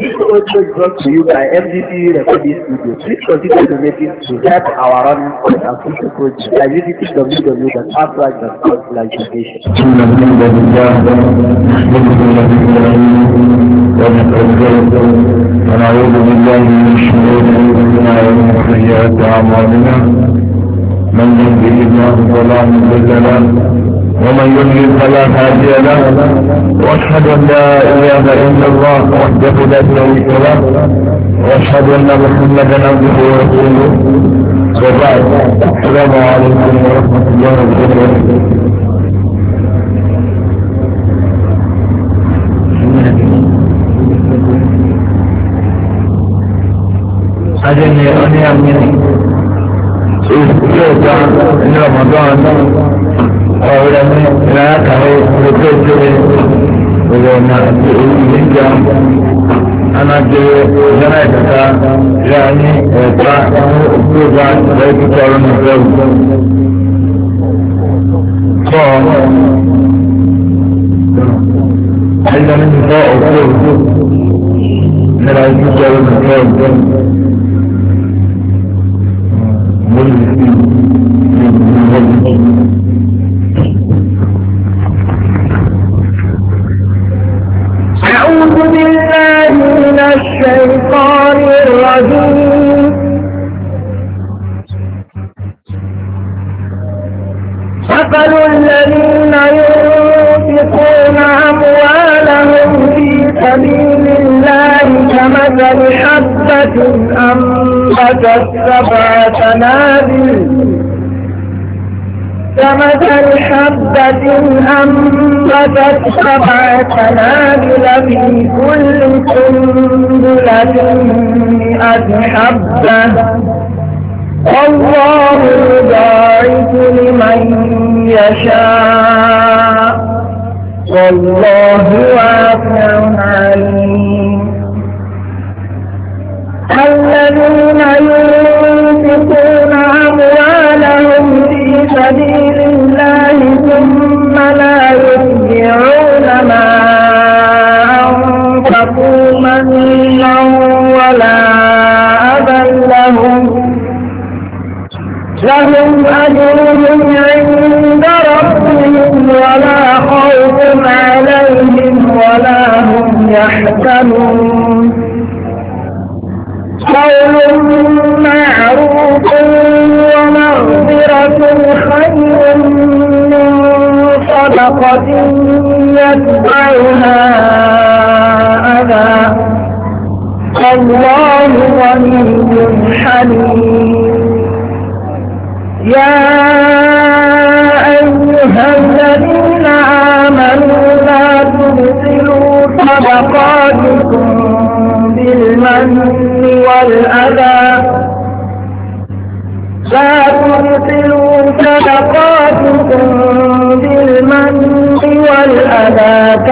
This also brought to you by MDP Recording Studio. Please continue donating to help our running and future project by visiting www.artwright.com slash donation. ونعوذ بالله من شرور انفسنا ومن سيئات اعمالنا من يهده الله فلا مضل له ومن يضلل فلا هادي له واشهد ان لا اله الا الله وحده لا شريك له واشهد ان محمدا عبده ورسوله وبعد السلام عليكم ورحمه الله وبركاته Adeni oní àmì في ọ̀gá ní Ramadan और हमें रात है रुपये चले anake yanaikata yani ta ukuza zaidi korona zeu so aina mimi so ukuza nira ukuza korona zeu mwezi ينفقون أموالهم في سبيل الله كمثل حبة أنبتت سبع سنابل كمثل حبة أنبتت سبع سنابل في كل سنبلة مئة حبة الله يضاعف لمن يشاء والله واقع عليم الذين يؤمنون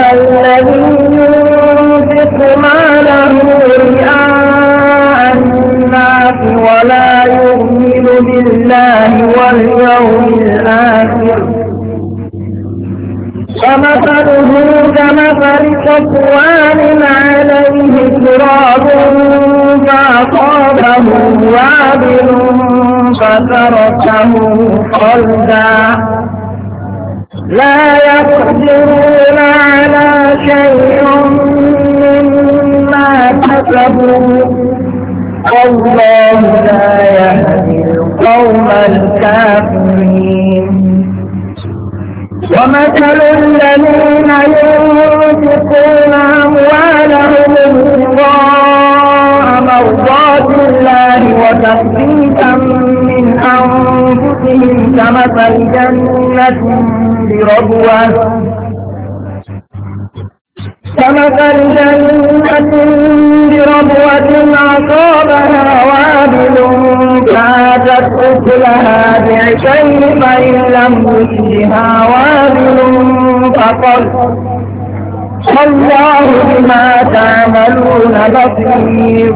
الذي ينفق ماله رئاء الناس ولا يؤمن بالله واليوم الآخر فمثله كمثل صفوان عليه تراب فأصابه وابل فتركه خلدا لا يقدرون على شيء مما كسبوا والله لا يهدي القوم الكافرين ومثل الذين ينفقون أموالهم ابتغاء مرضات الله وتثبيتا من أنفسهم كمثل جنة بربوة كمثل جنة بربوة أصابها وابل فاتت أكلها بعشين فإن لم يجها وابل فقل والله بما تعملون بصير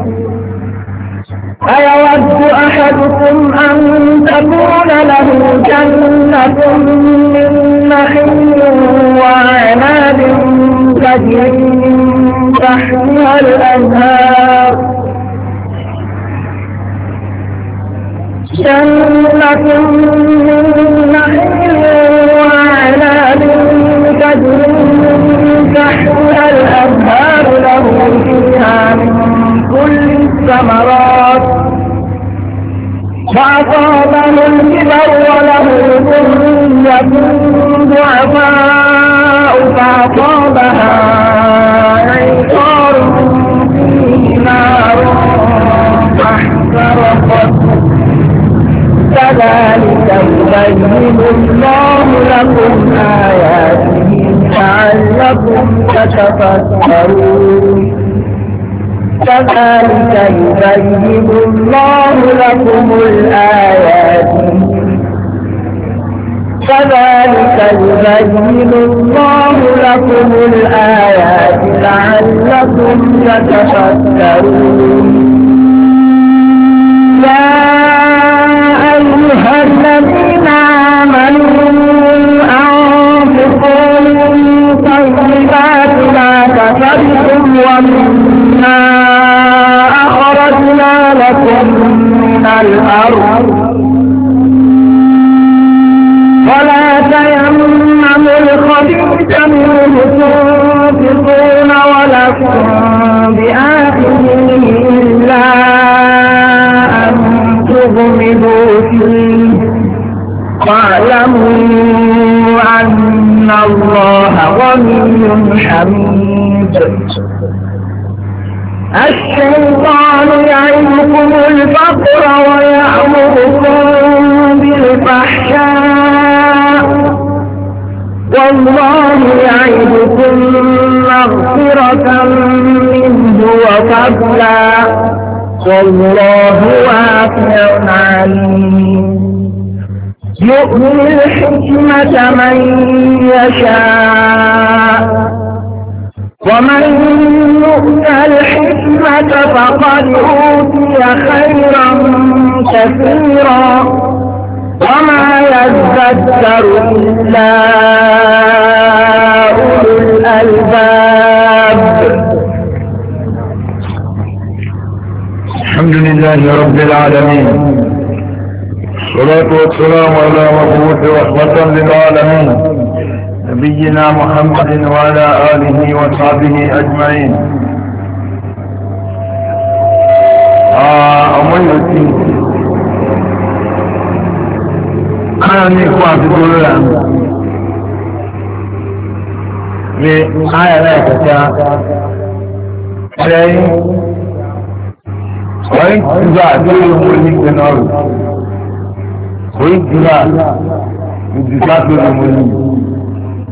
أيود أحدكم أن تكون له جنة من نخل وعناب تجري من تحتها الأنهار جنة من نخل وعناب تجري من تحتها الأنهار له فيها من كل الثمرات فأصابه الكبر وله ذرية ضعفاء فأصابها عقار فيه نار فاحترقت كذلك يبين الله لكم آياته لعلكم تتفكرون كذلك يبين الله لكم الآيات كذلك يبين الله لكم الآيات لعلكم تتفكرون يا أيها الذين آمنوا أنفقوا من طيبات ما كسبتم ومن لكم من الأرض ولا تيمموا الخبيث منه تنفقون ولكم بآخره إلا أن تغمضوا فيه واعلموا أن الله غني حميد الشيطان يعلمكم الفقر ويأمركم بالفحشاء والله يعدكم مغفرة منه وفضلا والله واسع عليم يؤمن الحكمة من يشاء ومن يؤت الحكمة فقد أوتي خيرا كثيرا وما يذكر إلا أولو الألباب الحمد لله رب العالمين الصلاة والسلام على مبعوث رحمة للعالمين نبينا محمد وعلى آله وصحبه أجمعين أمي أتي أنا نقوى في دولة بآية لا تتاع شيء وإنتظار دولة مولين بنار وإنتظار انتظار دولة مولين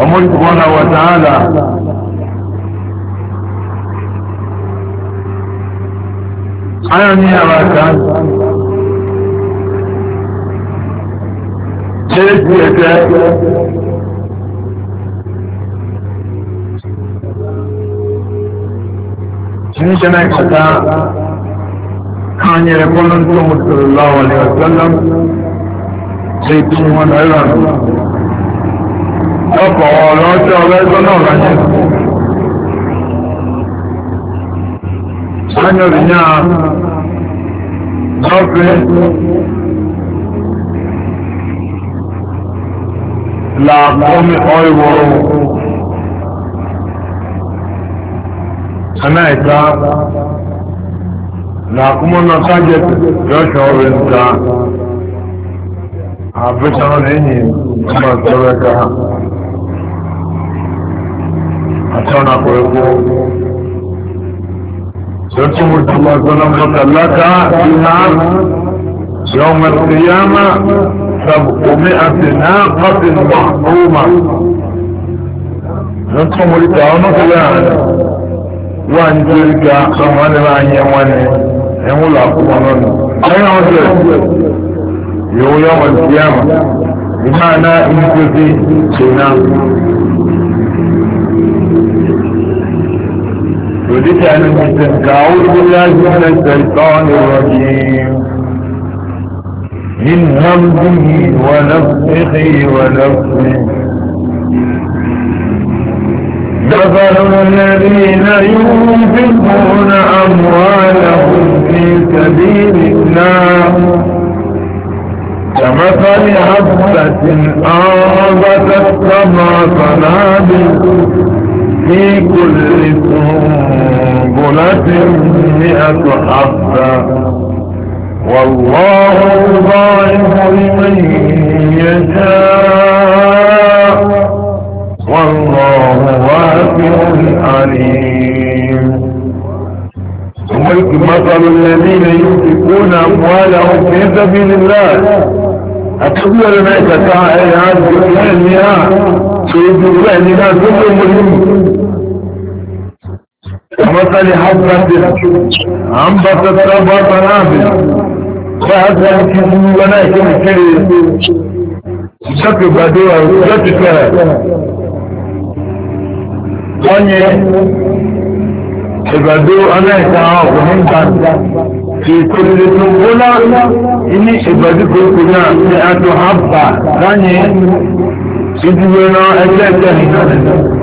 ọmọdé sọ̀rọ̀ wà tààlà ayọ̀ ní ara kan ṣe é ti ẹ̀kẹ́ ní ṣe náà kàtà kányẹ̀rẹ̀ kọ́lọ́ntọ́ mọ̀tòrò láwọ̀ ní ọ̀sán lọ́m ṣe tí wọ́n náírà nù ọkọ̀ ọ̀rọ̀ tí ọ̀rọ̀ ẹgbẹ́ náà láyé sányọ̀rì ní a lọ́fẹ́ làkọ́mí ọ̀rọ̀ sanáìta làkúmọ́nà sájẹ̀ yọ́ṣọ́ rẹ̀ ń ta àbẹ́sàn lẹ́yìn ọmọ ìtọ́rẹ́ka atona kuwepo sote mutuma zonamzokalaka biha yauma alqiyama sabumiati naqatin mahduma sote mulitaonokuyana wanjirika amane banyemwane emulakumanoni ayawase yo yauma alqiyama bimana imikuzi sinangu ولتعن المسلم أعوذ بالله من الشيطان الرجيم من همزه ونفخه ونفخه دخل الذين ينفقون أموالهم في سبيل الله كمثل حبة أنبتت السماء فنابل في كل سنبلة مئة حبة والله ضاعف لمن يشاء والله واسع عليم ملك مثل الذين يمسكون اموالهم في سبيل الله أتقول لما يتساعد عن ذكرانها سيدي الله لما كل مهم ومثل حبة أنبتت سبع سنابل فهذا الكسم وناكم الكريم شكل بدوع شكل كلام wọ́nyẹ ìgbàdo ọlọ́ẹ̀ta ọkùnrin níta ti kòrìlẹ̀ tó gbóná ní ìgbàdo kòkò náà ní adùn àbà láyé ìdúró náà ẹgbẹ́ ẹgbẹ́ nìkan nìkan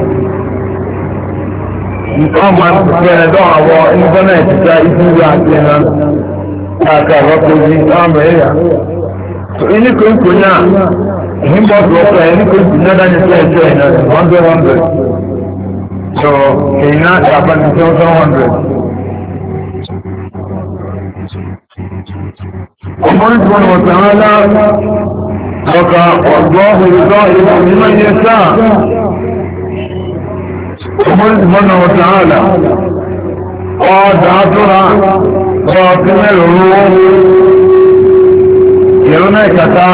wọ́n máa ń bẹ̀rẹ̀ lọ àwọn íńtánẹ́ẹ̀tì ta àti ẹ̀hán káàkiri àwọn tó ọmọ ẹ̀yà. ilé kòkó náà èyí bọ́ tó ọkọ̀ ẹ̀ ní kòkó náà dání sí ẹ̀jọ́ ẹ̀ náà one hundred hundred so èyí náà ṣàpá ní two thousand hundred. ọmọdé tí wọ́n wọ̀ sàn án lá ọkọ̀ ọ̀gbọ́n òrùka ìfòmímọ́ yẹn sáà ọmọdé mọ́nà ọ̀tà àlà ọ̀dà àtúrà ọ̀tí mẹ́rin owó ìrún náà kàtà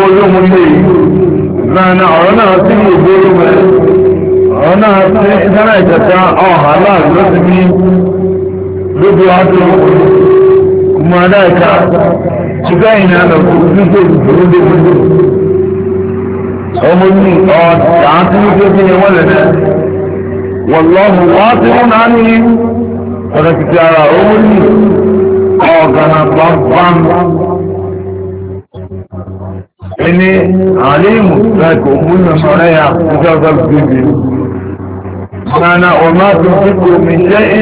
olómúlé lánà ọ̀rọ̀ náà sí ìgbèrú rẹ̀ ọ̀rọ̀ náà sí ìdára ìkàtà ọ̀hà láàrín ló ti ní lójú àtò kùmọ̀dá ìka ṣùgbọ́n ìrìn àlọ́ kò sí tó ìgbèrú dé mọ́tò ọmọ ní ọ̀dà àtúrà tó ti ní wọ́n lẹ́nà والله غافر عليهم فركتارا أولي أعظم طبعا إني عليم لك امونا مريا اجازة بيبي أنا وما تنفق من شيء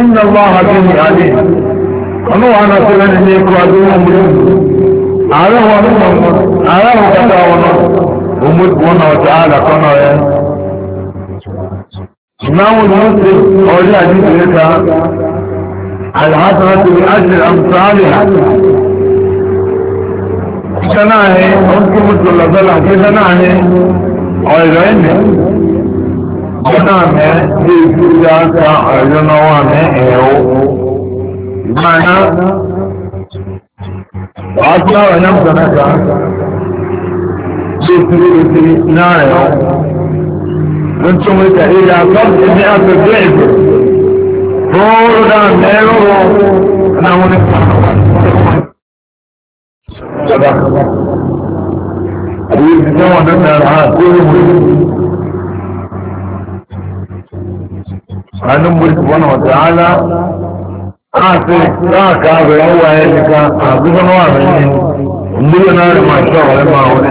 إن الله به عليم أنا وأنا سلن إليك وأدوم أعلم أعلم أعلم أعلم أعلم أعلم أعلم أعلم أعلم أعلم إمام المسلم أولي حديث لك الحسنة بأجر أمثالها سنة هي أنت مثل الله صلى الله سنة هي أولين سنة هي في سوريا كأولين وانا هيو بمعنى وأطلع ونمسنا كأولين في سوريا كأولين don tún wọ́n ṣe ìyá àtọ́sí ní àtọ́jú ìgbò fóòrò dáa mẹ́rọ náwọn ní sọ́dá àyè ìdíjẹ́ wọn ní náírà àkórí mú àánú múlí wọn ọ̀tá àlá àti káàkiri àwọn ẹ̀yìn nìkan àbúkọ́ náà wà mí ní mílíọ̀nù náírà máa ṣọ́ ọ̀rẹ́ máa wọlé.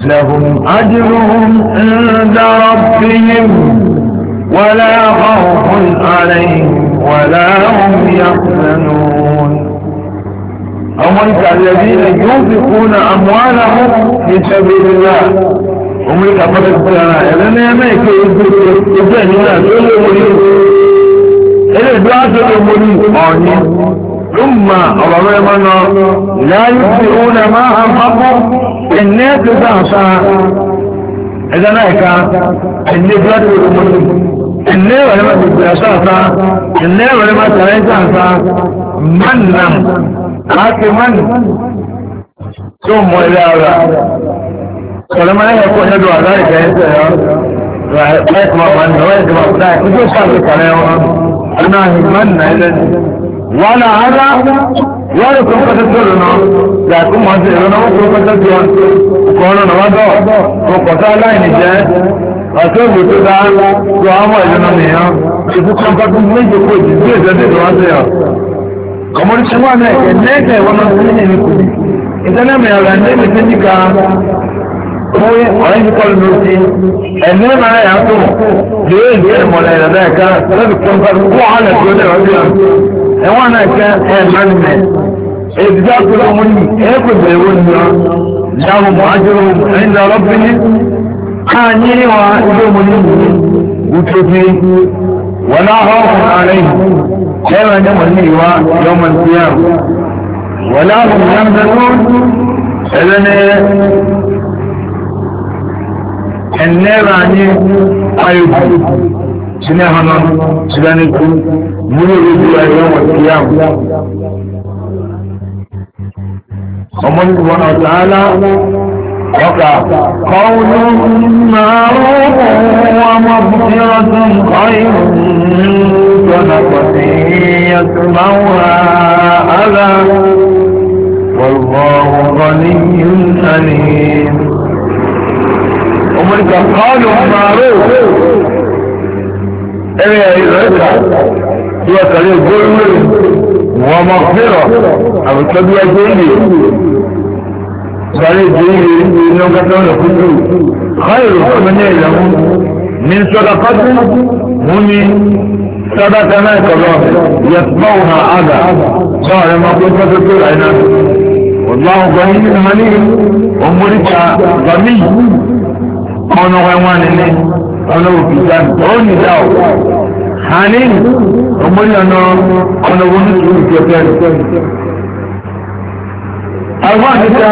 لهم أجرهم عند ربهم ولا خوف عليهم ولا هم يحزنون أولئك الذين ينفقون أموالهم في سبيل الله أولئك الذين ينفقون لأن يميك يبدأ هنا كل مريض إلى المريض ثم ربنا لا يسرون ما أنفقوا الناس تعصى إذا نايكا النبلة الأمور النبلة ولما تتعصى النبلة ولما تتعصى من نم حاكما ثم إلى أولا ولما لا يكون يدعو ذلك يسرع ويتمر من ويتمر ذلك يجوز صار الكلام أنا من إذا wọ́n àádá wọ́n lè fún pẹ́tẹ́ tó lónà yàtú mọ́ sí ìrọ́nà wọ́n fún pẹ́tẹ́ tó kọ́ lónà wọ́n dọ̀ kò pọ̀tá aláìní jẹ́ ọ̀tí òbí tó dá tó àwọn ìrọ́nà nìyàn ìfún kọ́ńtàkùn méje kò jì bí èdè tó wá sí ọ. kọ̀mọ́ni ṣe wà náà ẹ̀ lẹ́ẹ̀kẹ́ ìwọ́n náà sí ní ìlú ìtẹ́lẹ́mì ọ̀rẹ́ ní èmi tí níka fún ọ̀rẹ́ ní kọ́lù ló ti ẹ̀mí máa yà á tó lè lè mọ̀lẹ́ ìrẹ̀lẹ́ ẹ̀ka lọ́dún ẹ̀wọ̀n náà kẹ́ ẹ̀ mẹ́rinmẹ́ èdìdá kúrò wọn ni ẹ̀kọ́ ìbẹ̀wò ni wọn dáhùn mọ́ ajọ́rò ẹ̀yìn dá ọlọ́pẹ́ ní káàní wa ilé wọn ni wùtò fi wọn náà hàn fún ààrẹ yìí ẹ̀rọ ẹ̀jẹ̀ wọn ni ìwà yọmọ sí ẹ̀ wọn náà hàn fún yàrá ẹ̀lẹ́ni ẹ̀nẹ́rà ni ayọ̀kù sinẹ́ hàn náà sinẹ́ ní múlò lójú ayé wọn ti yá wọn. ọmọ ní wọn ọ̀tá ńlá ọkà kọ́ọ̀lù máa ń wọ́n ọmọ bùkún ọdún kọ́yìn tọ́nà pọ̀sí yàtúmáwá àlá والله غني أليم ومن قالوا معروف إيه إذا ìwọ kàlẹ́ gbólúwé wọn mọ fẹ́rọ̀ àbùtọ́jú ẹgbẹ́ ìlú kàlẹ́ ìdílé iná kátó ọ̀nà kúndú káyọ̀rọ̀ fún mi ìlànà mi sọ̀rọ̀ pátí mú ní sọ́dọ̀ kaná ìkọ̀lọ́ yẹtùmọ̀ òhà àgà sọ̀rọ̀ rẹ̀ máa gbé pátí tó rà iná wàlúwàhùn gbọ́n yìí ní mọ́ni ọmọdéka gbàmí ọ̀nà wẹ̀wọ̀n nínú ọ̀nà òkúta ó nìjà ọ̀. àní ọmọ ìyànà ọ̀nà owó ní ìlú ìjọba ẹ̀rọ. àwọn àdìsá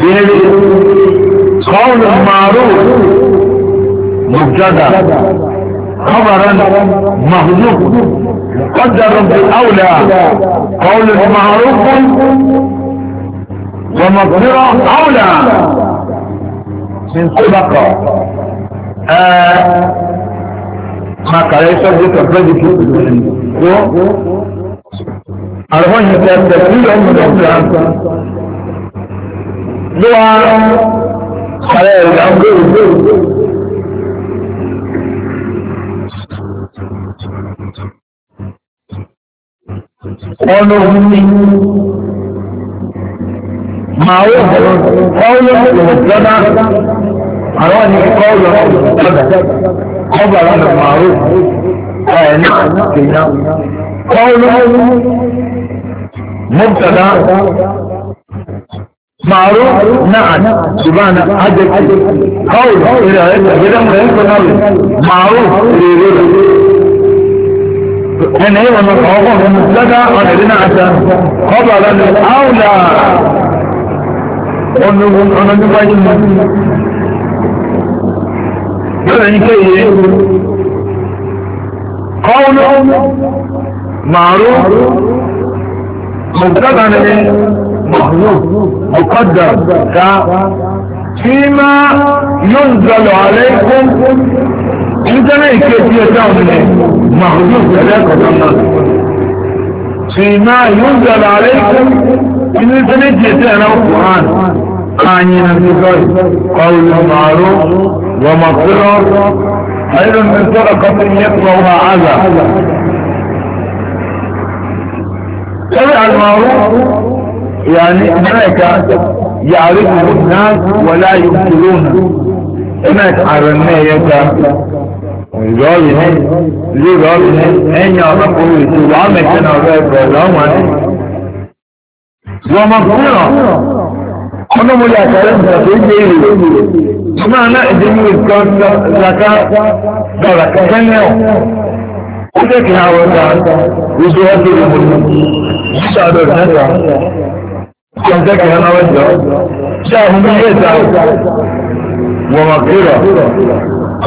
béèrè kọ́ọ̀lù màrú mùjọ́dà خبرا مهزوب قدر بالأولى قول معروف ومغفرة أولى من سبقة آه ma kare sabu ka fadi e ko ko arhon ya ta da kullum mu da ka duwa kare da ko Ọlọ́ ní máa wọ́n bọ̀rọ̀ kọ́ ló ń lọ sọ́dá àwọn ní kọ́ lọ sọ́dá. خبر عن المعروف نعم كينا قوله مبتدا معروف نعم بمعنى عدد قول إلى إذا ما يكون معروف أنا هنا مصعوبة مبتدا وأنا هنا عشان خبرا أولى قلنا أنا نبغى lọ́nà ní kéye kọ́ọ̀lù màrú mọ̀tàdà ni mọ̀húrù mọ̀kọ́dà ká fíìmá yóò zọlọ̀ àlẹ́kùn nítorí ìkéjì ẹ̀dá òmìnir màrú ẹ̀lẹ́kọ̀ọ́ náà fíìmá yóò zọlọ̀ àlẹ́kùn nítorí ìkéjì ẹ̀dá òmìnir kányìn ní sọ́ọ̀lù kọ́ọ̀lù màrú ومغفرة خير من صدقة يطلعها عذا تبع المعروف يعني هناك يعرفه الناس ولا يبطلونه هناك عرمية ìrọ́lì ní lérọ́lì ní ẹ̀yìn ọlọ́kùnrin ìtura mẹ́tẹ́nà rẹ̀ bẹ̀rẹ̀ lọ́wọ́n ní. Wọ́n mọ̀ fún ìràn, ọlọ́mọdé àtàrẹ́ ìgbà tó gbé ìrè Ìmáàná ìdíwú nǹkan zaka dọ̀rọ̀ kẹ́kẹ́lẹ́ ọ̀. Ó jẹ́ kí àwọn ọ̀dà ojú ọdún ìlú mú. Ṣé àdó ìdájọ́? Ṣé ọjọ́ kí ẹ̀rọ ẹ̀jọ́? Ṣé àwọn ọmọ ilé ìta wọ̀n wà kúrò?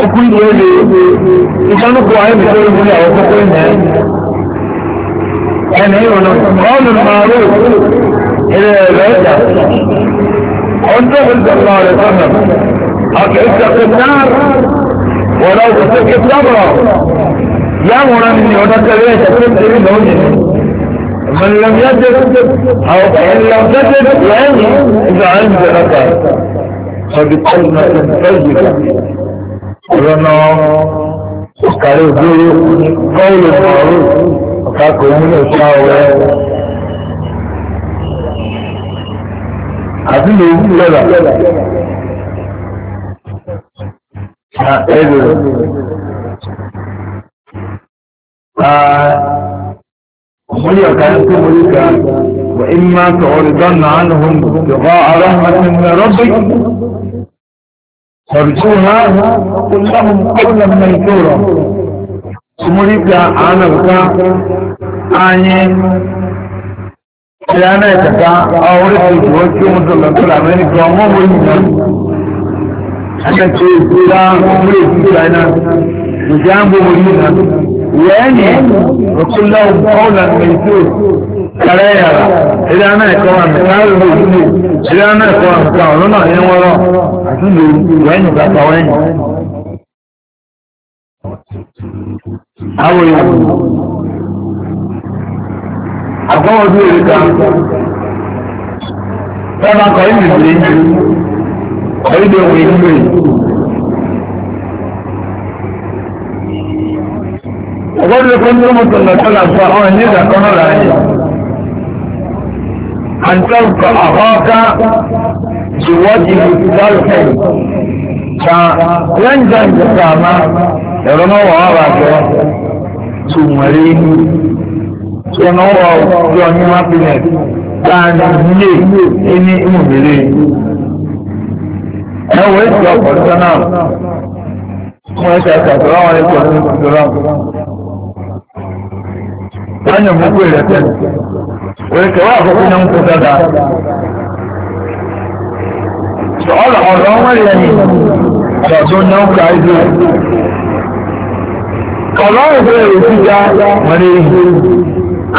Ọkùn ìlú èlé ìkánúkọ ayébí tó ń múlẹ̀ àwọn kókó ìnà ẹ̀. Ẹni ìrọ̀nà ọ̀nà màálù ilẹ̀ ẹ̀rọ ẹ̀jà. Ọjọ́ ìgbà أو اتق النار ولو تتك الصبر يا مرمي ونكريت تبدل الهجن من لم يجد أو إن لم تجد يعني إذا عند لك فبقلنا تنفجر رنا قالوا قول المعروف وكاكو من الشاور àti lè wú lọ́la ẹ̀rọ. Muli ọ̀ka ní kí mo rí ka wà ń máa sọ̀rọ̀ dọ́nà ánùhùn yọ̀kọ́ àrọ́ àti mẹ́rọ́bì. Sọ̀rọ̀ tí wọ́n máa kó lọ́hùn kọ́lá mẹ́rin tó rọ̀. Sumuli ka àánà ká ányé ìyá náà kàkà ọ̀rẹ́ tó ìwọ́n tí wọ́n tó lọ́kọ́lá mẹ́rin tó ọmọ wọ́n yìí náà aka ce kura kure kura na mujambo mulina yani wa kullahu qawlan maytur karaya idan na ko an kawo ne idan na ko an kawo na yan woro atun do wani ba ba wani awo ya agbawo duro ka ta ma ko yin ẹ̀rí bẹ́ẹ̀ wọ inú rẹ̀. ọgọ́dún ẹ̀kọ́ ní ọmọ tó lọ́tọ́ làǹfà ọ̀hún ní ìdàkọ́ náà láàyè. àǹtọ́ǹkọ̀ àhọ́ọ́ká ìwọ́dì ìdálùfẹ́ ka lẹ́ǹjà ìjọba àmà ẹ̀rọ náà wà wà bàjọ́ tó mọ̀lẹ́ inú tó náà wà ọjọ́ inú ẹ wo èsì ọkọ̀ ní sọ́nà fún ẹsẹ̀ ẹsẹ̀ àtọ́lá wọn ètò ọdún ìdúrà wọ́n yàn gbogbo ìrẹsẹ̀ òye kẹwàá àkókò náà ń kó dáadáa ọ̀rọ̀ ọ̀rọ̀ wọn yẹ ni ọ̀dọ́ náà ń ka ìdú ọ̀rọ̀ ìdú èrò síta wọ́n lè rí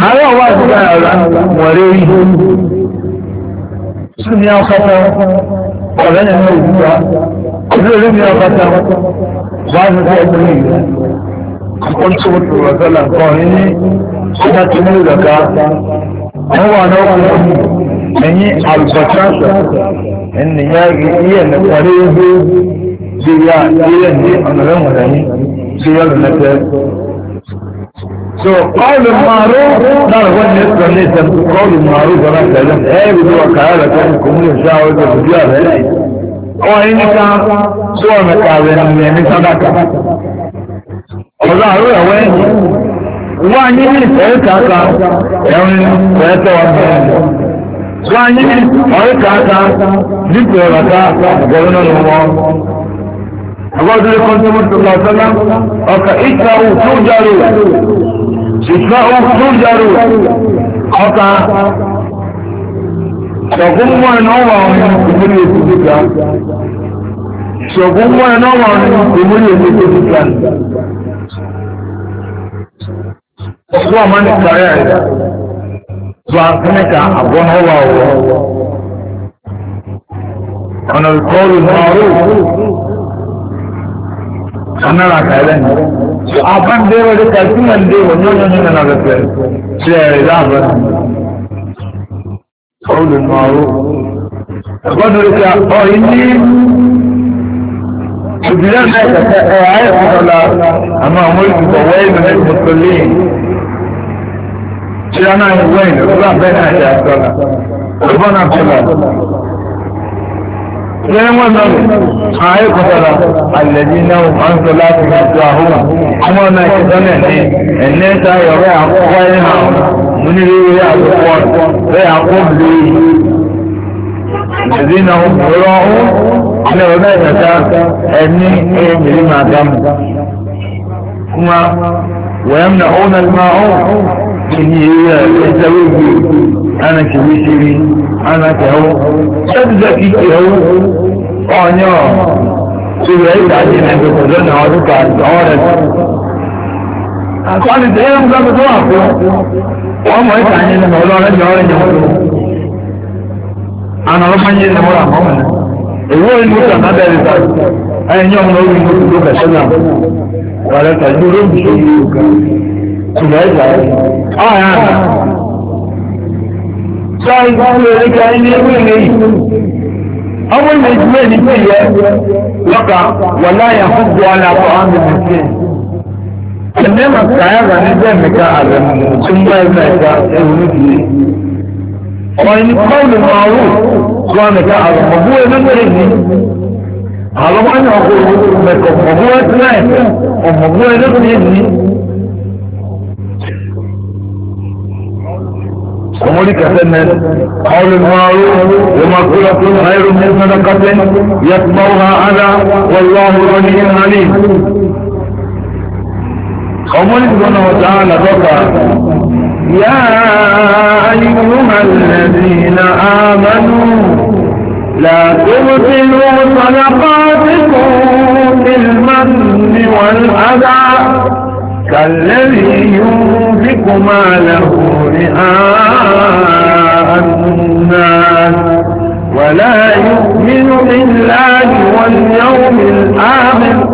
àárọ̀ wà síta ọ̀rọ̀ wọ́n lè rí sùn ní ọkọ̀ ọ̀rẹ́ yẹn ló wù wá ìlú ìlú mi ọba ta wá ní ọjọ́ ìlú yìí àwọn tó wọ́n tó wọ́n sọ́là nǹkan ọ̀rẹ́ ní ọjà tó mú ìlọ́ka wọ́n wà náà wọ́n wọ́n ẹ̀yìn àlùbọ̀tánṣà ẹ̀nìyà ìyẹ̀ nìkanlẹ̀ ìgbé bíi ìyẹ̀ ní ọ̀nà rẹ̀ wọ̀nyí bíi ọ̀nà rẹ̀ So قول المعروف ده هو النسبة ليس قول المعروف أنا كلام هاي هو كهذا كان كمية شاء وده بديار هاي هو إني كان سوى مكابين من يعني صدقة والله هو وين واني من سيكا كان يعني سيتوى واني من سيكا كان جبت لك قولنا الأمور أقول لكم صلى الله عليه وسلم أكا إكرهوا توجروا ìsìláwò túnjárò ọ̀ta ṣọ̀gún mọ́ ẹ̀nà ọ̀wà ọ̀hún ìmúlì ètò gíga ṣọ̀gún mọ́ ẹ̀nà ọ̀wà ọ̀hún ìmúlì ètò gíga ọ̀pọ̀ ọmọ ní kàrẹ́ ẹ̀ tó àkúnmẹ́ka àbọ̀ ọ̀wà ọ̀wọ̀ ọ̀nà ìkọlù náà annara kailan abin da yawa da kalfinan da yawa yau yau na da fiye shi ya yi zaɓar ƙaunin maro wadda rika ƙoyin ni ƙudurar da ka ta ƙawaye kusala amma mulki ba wai da na musulmi shi ana yi wai da zuwa bai na shi a tsala ƙarfana tsala lẹ́yìn wọn náà àwọn ayékọ̀ọ́sára àlẹ́jì náà wọ́n sọ láti ìjọ àhúwà àwọn ọ̀nà ìṣẹ̀dọ́ náà ní ẹ̀ní táyọ̀ rẹ̀ àkọ́kọ́ ẹ̀ hàn mú ní rírí àkọ́kọ́ rẹ̀ àkọ́kọ́ ìdí náà rọ ọ́n alẹ́ ọ̀dọ́ ìjọta ẹni ẹ̀mìrì máa dámù kuma wẹ́m na ọ́n náà máa ọ́n kì í yẹ ẹ̀ṣẹ́ wíwí ẹ̀nà kì í ṣe rí ana kẹwọ ṣẹ́dúdẹ̀ kí kẹwọ ọ̀nyọ́ ṣùgbọ́n ẹ̀ka jẹ́ ní ẹgbẹ́ pẹ̀lú ọ̀nà ọdún kan ọ̀wọ́ rẹ̀ sí. àkọọ́lù tẹ́lẹ̀ ń gbàgbé tó wà fún wọn mọ̀ ẹ̀ka jẹ́ ní ọlọ́rẹ́ jẹ́ ọ̀rẹ́ jẹ́ wọn tó. àná ọlọ́pàá jẹ́ ní ọ̀rọ̀ àmọ́ mẹ́rin. èwo ìlú kan náà bẹ̀rẹ̀ ta ẹ̀yìn ọmọ orí inú tó kẹsẹ́ náà wà lẹ́ta ìdúró ìṣòwò sọ ìgbàlù ẹ̀ríkà ilé ìwé ìrìn ọmọ ilẹ̀ ìjúmẹ́ ní pé yẹ lọ́ka wà láyà fún bu aláàbọ̀ àmì nìkẹ́ ẹ̀mẹ́ mà káyà rà ní bẹ́ẹ̀ mẹ́ka àrẹ mọ̀ tó ń bá ẹ̀ka ẹ̀ka ẹ̀rù nídìí ọ̀rọ̀ ní kọ́ọ̀lù máa rù kọ́ mẹ́ka àrẹ mọ̀ bú ẹ̀mẹ́ mẹ́rin ní àlọ́wọ́ ní ọkọ̀ mẹ́kọ̀ وملك سنة قول المعروف ومغفرة خير من صدقة يتبعها على والله غني عليم وملك سبحانه وتعالى بقى يا أيها الذين آمنوا لا تبطلوا صدقاتكم بالمن والأذى كالذي ينفق ماله رئاء الناس ولا يؤمن بالله واليوم الآخر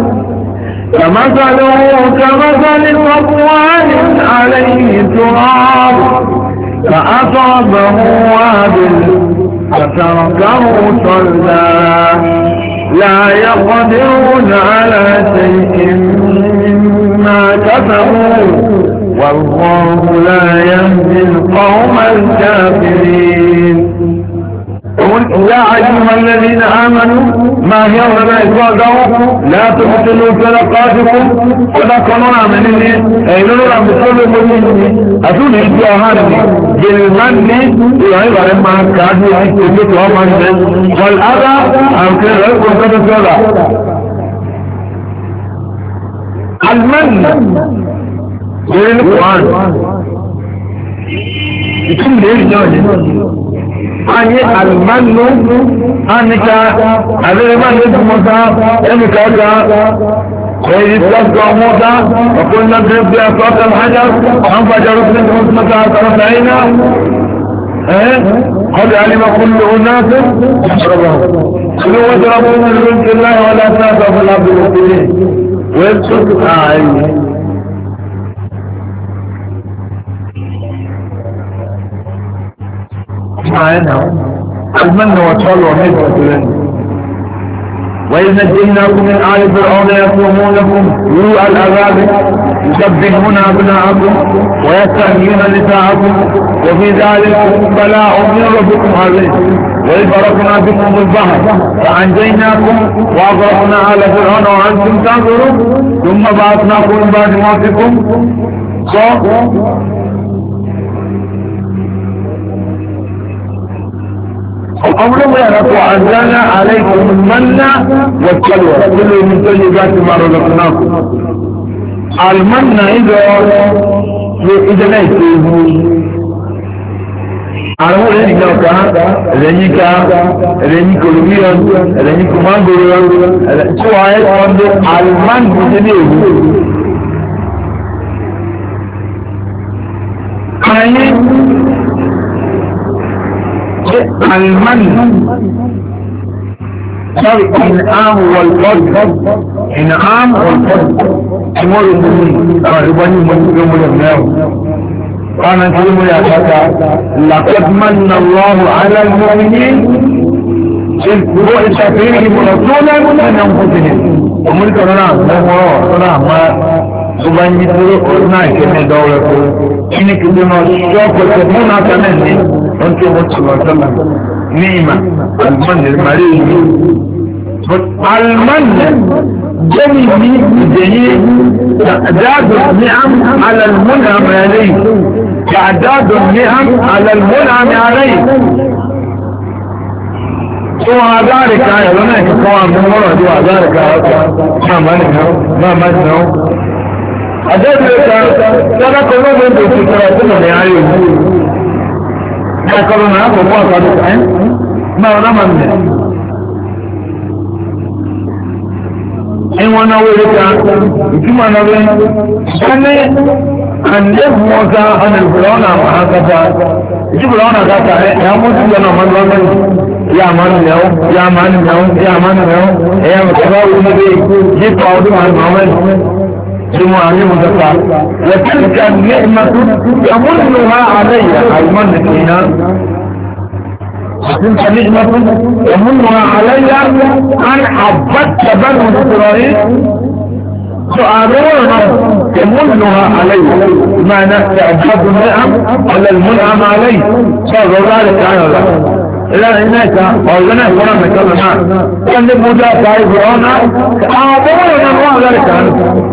كمثله كمثل صفوان عليه تراب فأصابه وابل فتركه صلى لا يقدرون على شيء ما كفروا والله لا يهدي القوم الكافرين يا أيها الذين آمنوا ما هي ولا إفادهم لا تقتلوا تبطلوا صدقاتكم صدقنا من اللي أيلونا بطلوا مجيني أتوني جلمان لي يعيب على ما كتبت وما ومن والأذى أو كذلك وكذا almanna lórí ní kùránù ìtumọ̀ èyí náà ni anyi almanu anika abirima lójú mọ́ta ẹnì kọ́ta kọ́yí sọ́kọ̀ mọ́ta ọkùnrin náà tó gbé ọ̀sọ́kọ̀ hajj ọ̀hánfàjà rúfin tó mọ́ta àtàrà náírà قد علم كل اناس يشربهم كلوا واشربوا من رزق الله ولا تنافسوا في الارض المؤمنين ويبسط أعينه معانا المن والشر والنسبة لنا وينجيناكم من آل فرعون يقومونكم يوء الأباب يسبحون أبناءكم ويستحيون نساءكم وفي ذلك بلاء من ربكم عليه وإذ باركنا بكم البحر فأنجيناكم وأغرقنا على فرعون وأنتم تنظرون ثم بعثناكم من بعد موتكم قوله وأنزلنا عليكم المن والسلوى كل من طيبات ما رزقناكم المن إذا إذا ليس àwọn rẹ̀ nìkan ká ẹ̀lẹ́yìn ká ẹ̀lẹ́yìn kòlùmíọ̀n ẹ̀lẹ́yìn kòmángòrò tí wọ́n ẹ̀ wọ́n dé alimangu ní ní èwú. Ayé ṣe alimangu sọ́rí ìnáàmù wọ̀lọ́dù ìnáàmù wọ̀lọ́dù tí wọ́n rò mú mi àwọn ìbọn ní ìmọ̀ ìgbẹ́mọ̀lẹ̀ قال كريم يا فتى لقد من الله على المؤمنين إذ بعث فيهم رسولا من أنفسهم وملك لنا هو لنا ما Zuban yi turo kurna ke mai daura ko shine ke zama shoko ta nuna ta nan ne don ke wacce wa sallan nima almanin marini almanin jami'i da yi da zazu ni'am alal munamarai تعداد النعم على المنعم عليه سوى ذلك يا هناك سوى من مرة سوى ذلك آية. ما منعه ما منعه أدرك لنا كل من دون ستراتنا يعيون ذكرنا أبو بكر ما رمنا إن وانا ولدت إن كما نبين annabi Musa an al-Fir'auna ma hakata ji Fir'auna ka ta ya mutu yana man wannan ya man ne ya man ne ya man ne ya man ka ba wani ne ji tawdu ma Muhammad ثم عليهم زكاة وتلك النعمة يمنها علي المن هنا وتلك نعمة يمنها علي أن عبدت بنو إسرائيل سؤالون يمنها عليه نفع حب النعم على المنعم عليه صار ذلك على الله إلى هناك أولنا كنا نتكلم كان لمدة تعيب هنا أعبونا الله ذلك عنه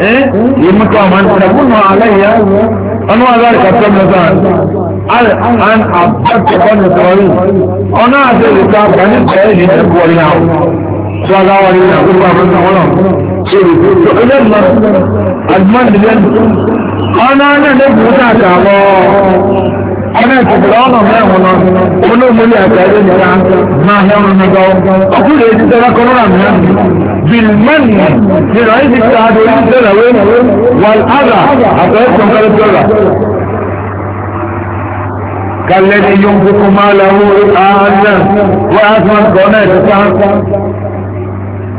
إيه يمكن أن تكونوا علي أنواع ذلك كم نزال عن عبدت بني إسرائيل أنا أعطي الكتاب عن إسرائيل يكون لهم صلى الله عليه وسلم ìlẹ́mọ̀ àdìmọ́ndìlẹ́nu ọ̀nà ọ̀nà lẹ́gbẹ̀ẹ́ náà kàwọ́ ọ̀nà ìtìbìrì ọ̀nà mẹ́rin náà olóòmúlé àtàrí nìta máa hẹ́ ọ̀nà mẹ́gbọ́ ọkùnrin èyí tẹ́lá kọ́nọ́rà mìíràn bilmani ni ràyí ti ta adé orí tẹ́lá wé wàl ága àtàrí kọ́nọ́rà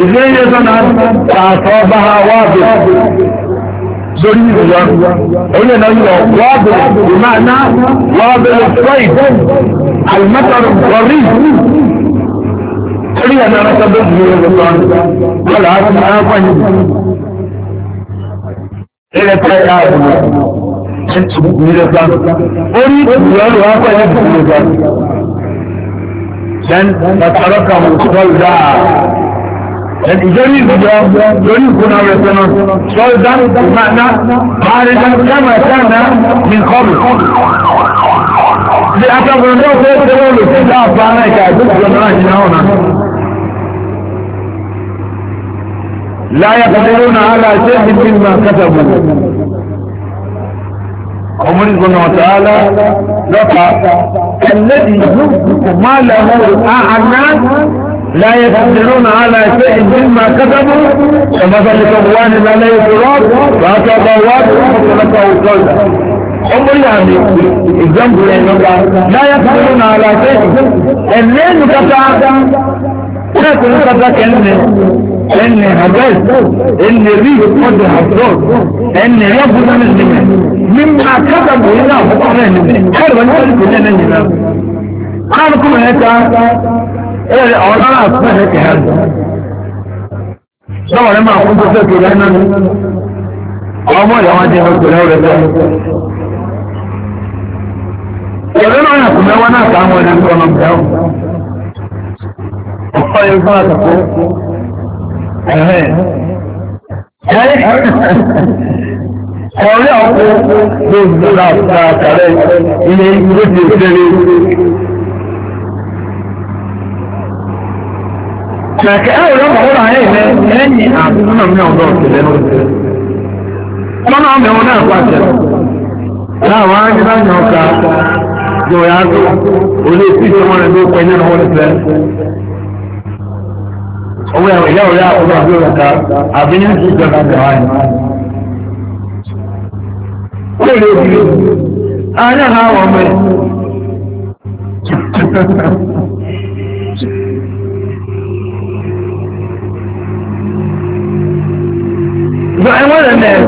إذن يزنان فأصابها وابل سوري قلنا نقول وابل بمعنى وابل الصيد المطر الضريب قلنا أنا نتبه من الوطن ولا أنا أفهم إلى تأيار من الوطن أريد أن أفهم من الوطن لن تتركه صلى ìjọ́rí ìjọ lórí ìkúná rẹ̀ sẹ́nà sọ́ọ̀dá máa àrídá kama sáàdá ní kọ́bù. Bí akẹ́kọ̀ọ́ náà fẹ́ tẹ́wọ́ lò sí láàpá náà ìkà ìgbésọ̀ náà jìnà ọ̀nà. Láyé kàdéró náà hálà ṣé ti fi mà Ọmọdé gbọ́nà ọ̀tàálá lọ́pàá. Ẹlẹ́dìí yóò kò máa lẹ́wọ́ àná لا يستطيعون على شيء مما كتبوا فمثل صفوان ما لا يتراب فاتى ضواب فقلت له قم الله عليك الجنب لا يستطيعون على شيء الليل كتا لكن قدك اني اني هبلت اني ريح قد حصلت اني يفضل من الناس مما كتبوا الى فطرين حلوة لكل كل الناس قال كل هكذا ẹ̀rẹ̀ ọ̀rọ̀ àpẹẹrẹ kẹ̀yà lọ́wọ́ rẹ̀ máa kún tó fẹ́ kẹ̀yà náà ní ọmọ ìyá wọn jẹ́ ọgbẹ̀rẹ̀ rẹ̀ bẹ́ẹ̀. ìrẹ́ náà yà kùnmẹ́ wọn náà sáwọn ẹni tó ọmọ ìyá wọn. ọ̀pọ̀ yẹn fún àtàkó ẹ̀rẹ́ ọ̀rẹ́ ọ̀pọ̀ ló ń lọ àtàkàrẹ́ ilé ìgbésẹ̀ ìṣẹ́lẹ̀ Mẹ̀kẹ́ ẹ̀rọ lọ́pọ̀ wọ́n láyé ìfẹ́ ẹ̀yìn àdúgbò náà mi ọ̀dọ́ òkèlè náà. Wọ́n náà mẹ́wọ́n náà pàṣẹ. Láwọn agbẹ́bàjọ ọ̀ka jọ ya tó olè tí ìṣẹ́ wọn rẹ̀ ló pẹ́ nínú wọn fẹ́. Owó ẹ̀rọ ìyá ọ̀rẹ́ àkókò àbí òrùka àbí ní ìṣẹ́ ìjọba Wọ́n lè fi àárín àwọn ọmọ ẹ̀. So I want them there.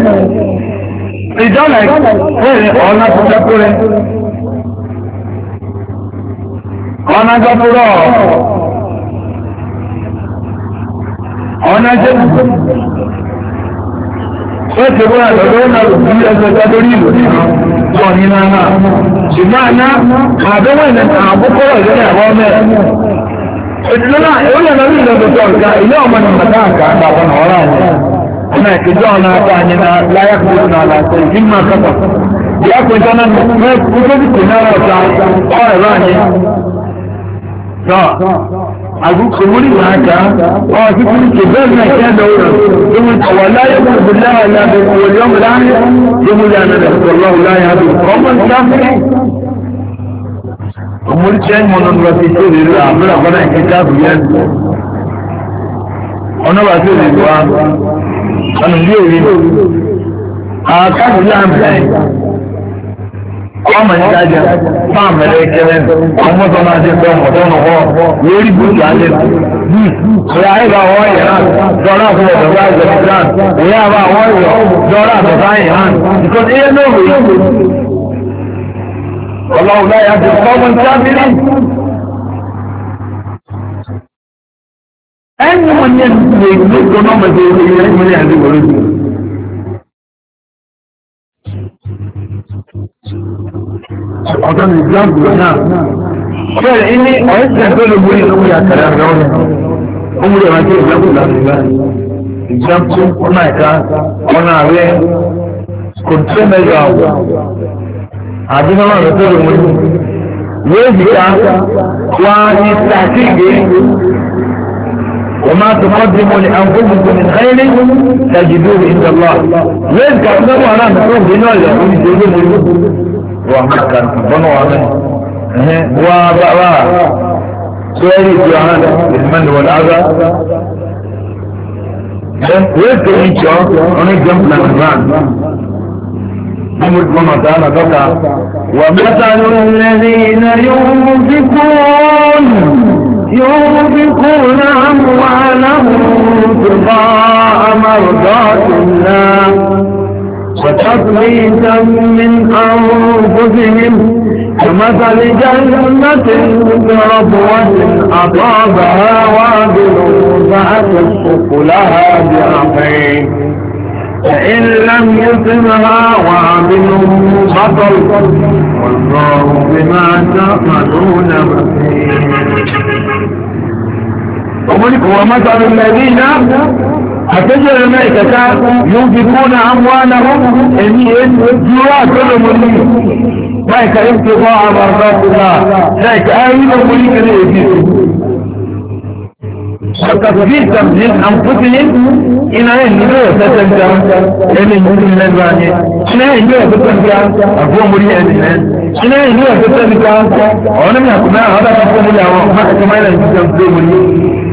They don't like, well, all not to separate. Ọ̀nà gbọ́pọ̀rọ̀ ọ̀nà jẹ́ wọ́n ti wọ́n àtọ̀lọ́ náà lórí ẹgbẹ̀ta lórí ìlú nìkan tó ní náà ṣùgbọ́n àná àbẹ́wọ̀ ìlẹ̀ta àbúkọ́rọ̀ ìlẹ̀ ẹ̀wọ́ mẹ́rin òjìlọ́nà ìwọ́n lẹ́nà orí ìlọ́dọ̀tọ̀ ọ̀gá ilé ọmọ nìkan káàkiri àgbà ọ̀nà ọ̀rọ̀ àwọn kuna kijana hapa nina layak kuna la himma kafa ya kuitana mwe kutoki kinara ta ore rani ta agu kumuli hata wa kikuli kizaza kenda ura yumu wala yumu billahi la bi wal yawm al akhir yumu la nabiyyu wallahu la yahdi al qawm al kafirin ọmọlùkẹ́ mọ̀nàmọ́ra ti tó lè ra àbúrò àbọ̀dá ìkẹta àbúyẹ́ ọ̀nà bàtí ò lè wá ọ̀nà ilé ìwé àwọn káàdì láàbẹ̀ ọmọ ìdájà fáàmì rẹ̀ kẹlẹ̀ ọmọ tó máa ti fẹ́ ọmọ tó nù họ lórí bùtù alẹ́ ìyá ìbá wọ́n yẹ̀ hàn dọ́rọ̀ àfọwọ́ dọ́rọ̀ àgbẹ̀dìgbàn ìyá ìbá wọ́n yọ̀ dọ́rọ̀ àfọwọ́ yẹ̀ hàn ìkọ́sí iye náà wò yìí ọlọ́run náà yà ti fọ́ ọmọ ìdájà ẹni wọn yẹ lè gbé gbọmọ mẹsẹ ìyẹn ẹni wọn yẹ àti wọlé jù. ọ̀dọ́ ni islam gbòòrò náà bẹ́ẹ̀ ni ọ̀ẹ́sẹ̀ tó lè wọlé lọ́wọ́ yà kàrẹ́ àgbà wọn ọmọ yẹn wájú islam gbòòrò náà nígbà islam tó ọ̀nà ẹ̀ka ọ̀nà àwẹ̀ mẹ́jọ àwọ̀ àdínàmọ́ àwẹ̀ tó lè wọlé wọ́n yìí ká wá ní sàkíyè. وما تقدموا لأنفسكم من خير تجدوه عند الله لين كأنه أنا مكروه بنوية ويجدوه مريض وأحمد كان أه؟ أه؟ جنب تعالى ومثل الذين ينفقون ينفقون أموالهم ابتغاء مرضات الله وتثبيتا من أنفسهم كمثل جنة بربوة أطابها وابل فأتت لها بعفين فإن لم يتمها وعمل بطل والله بما تعملون بصير ومثل الذين أتجر المئتة ينفقون أموالهم أمين جوات المليم مئتة انتظار مرضات الله مئتة آمين مليك الإبتغاء وتفريقا من أنفسهم إن أين نبوة تتنجا إن يمكن لنباني إن أين نبوة تتنجا أقوى مريئة لنبان إن أين نبوة تتنجا أولا من أقوى هذا أقوى مريئة وما كما إلا يتنجا مريئة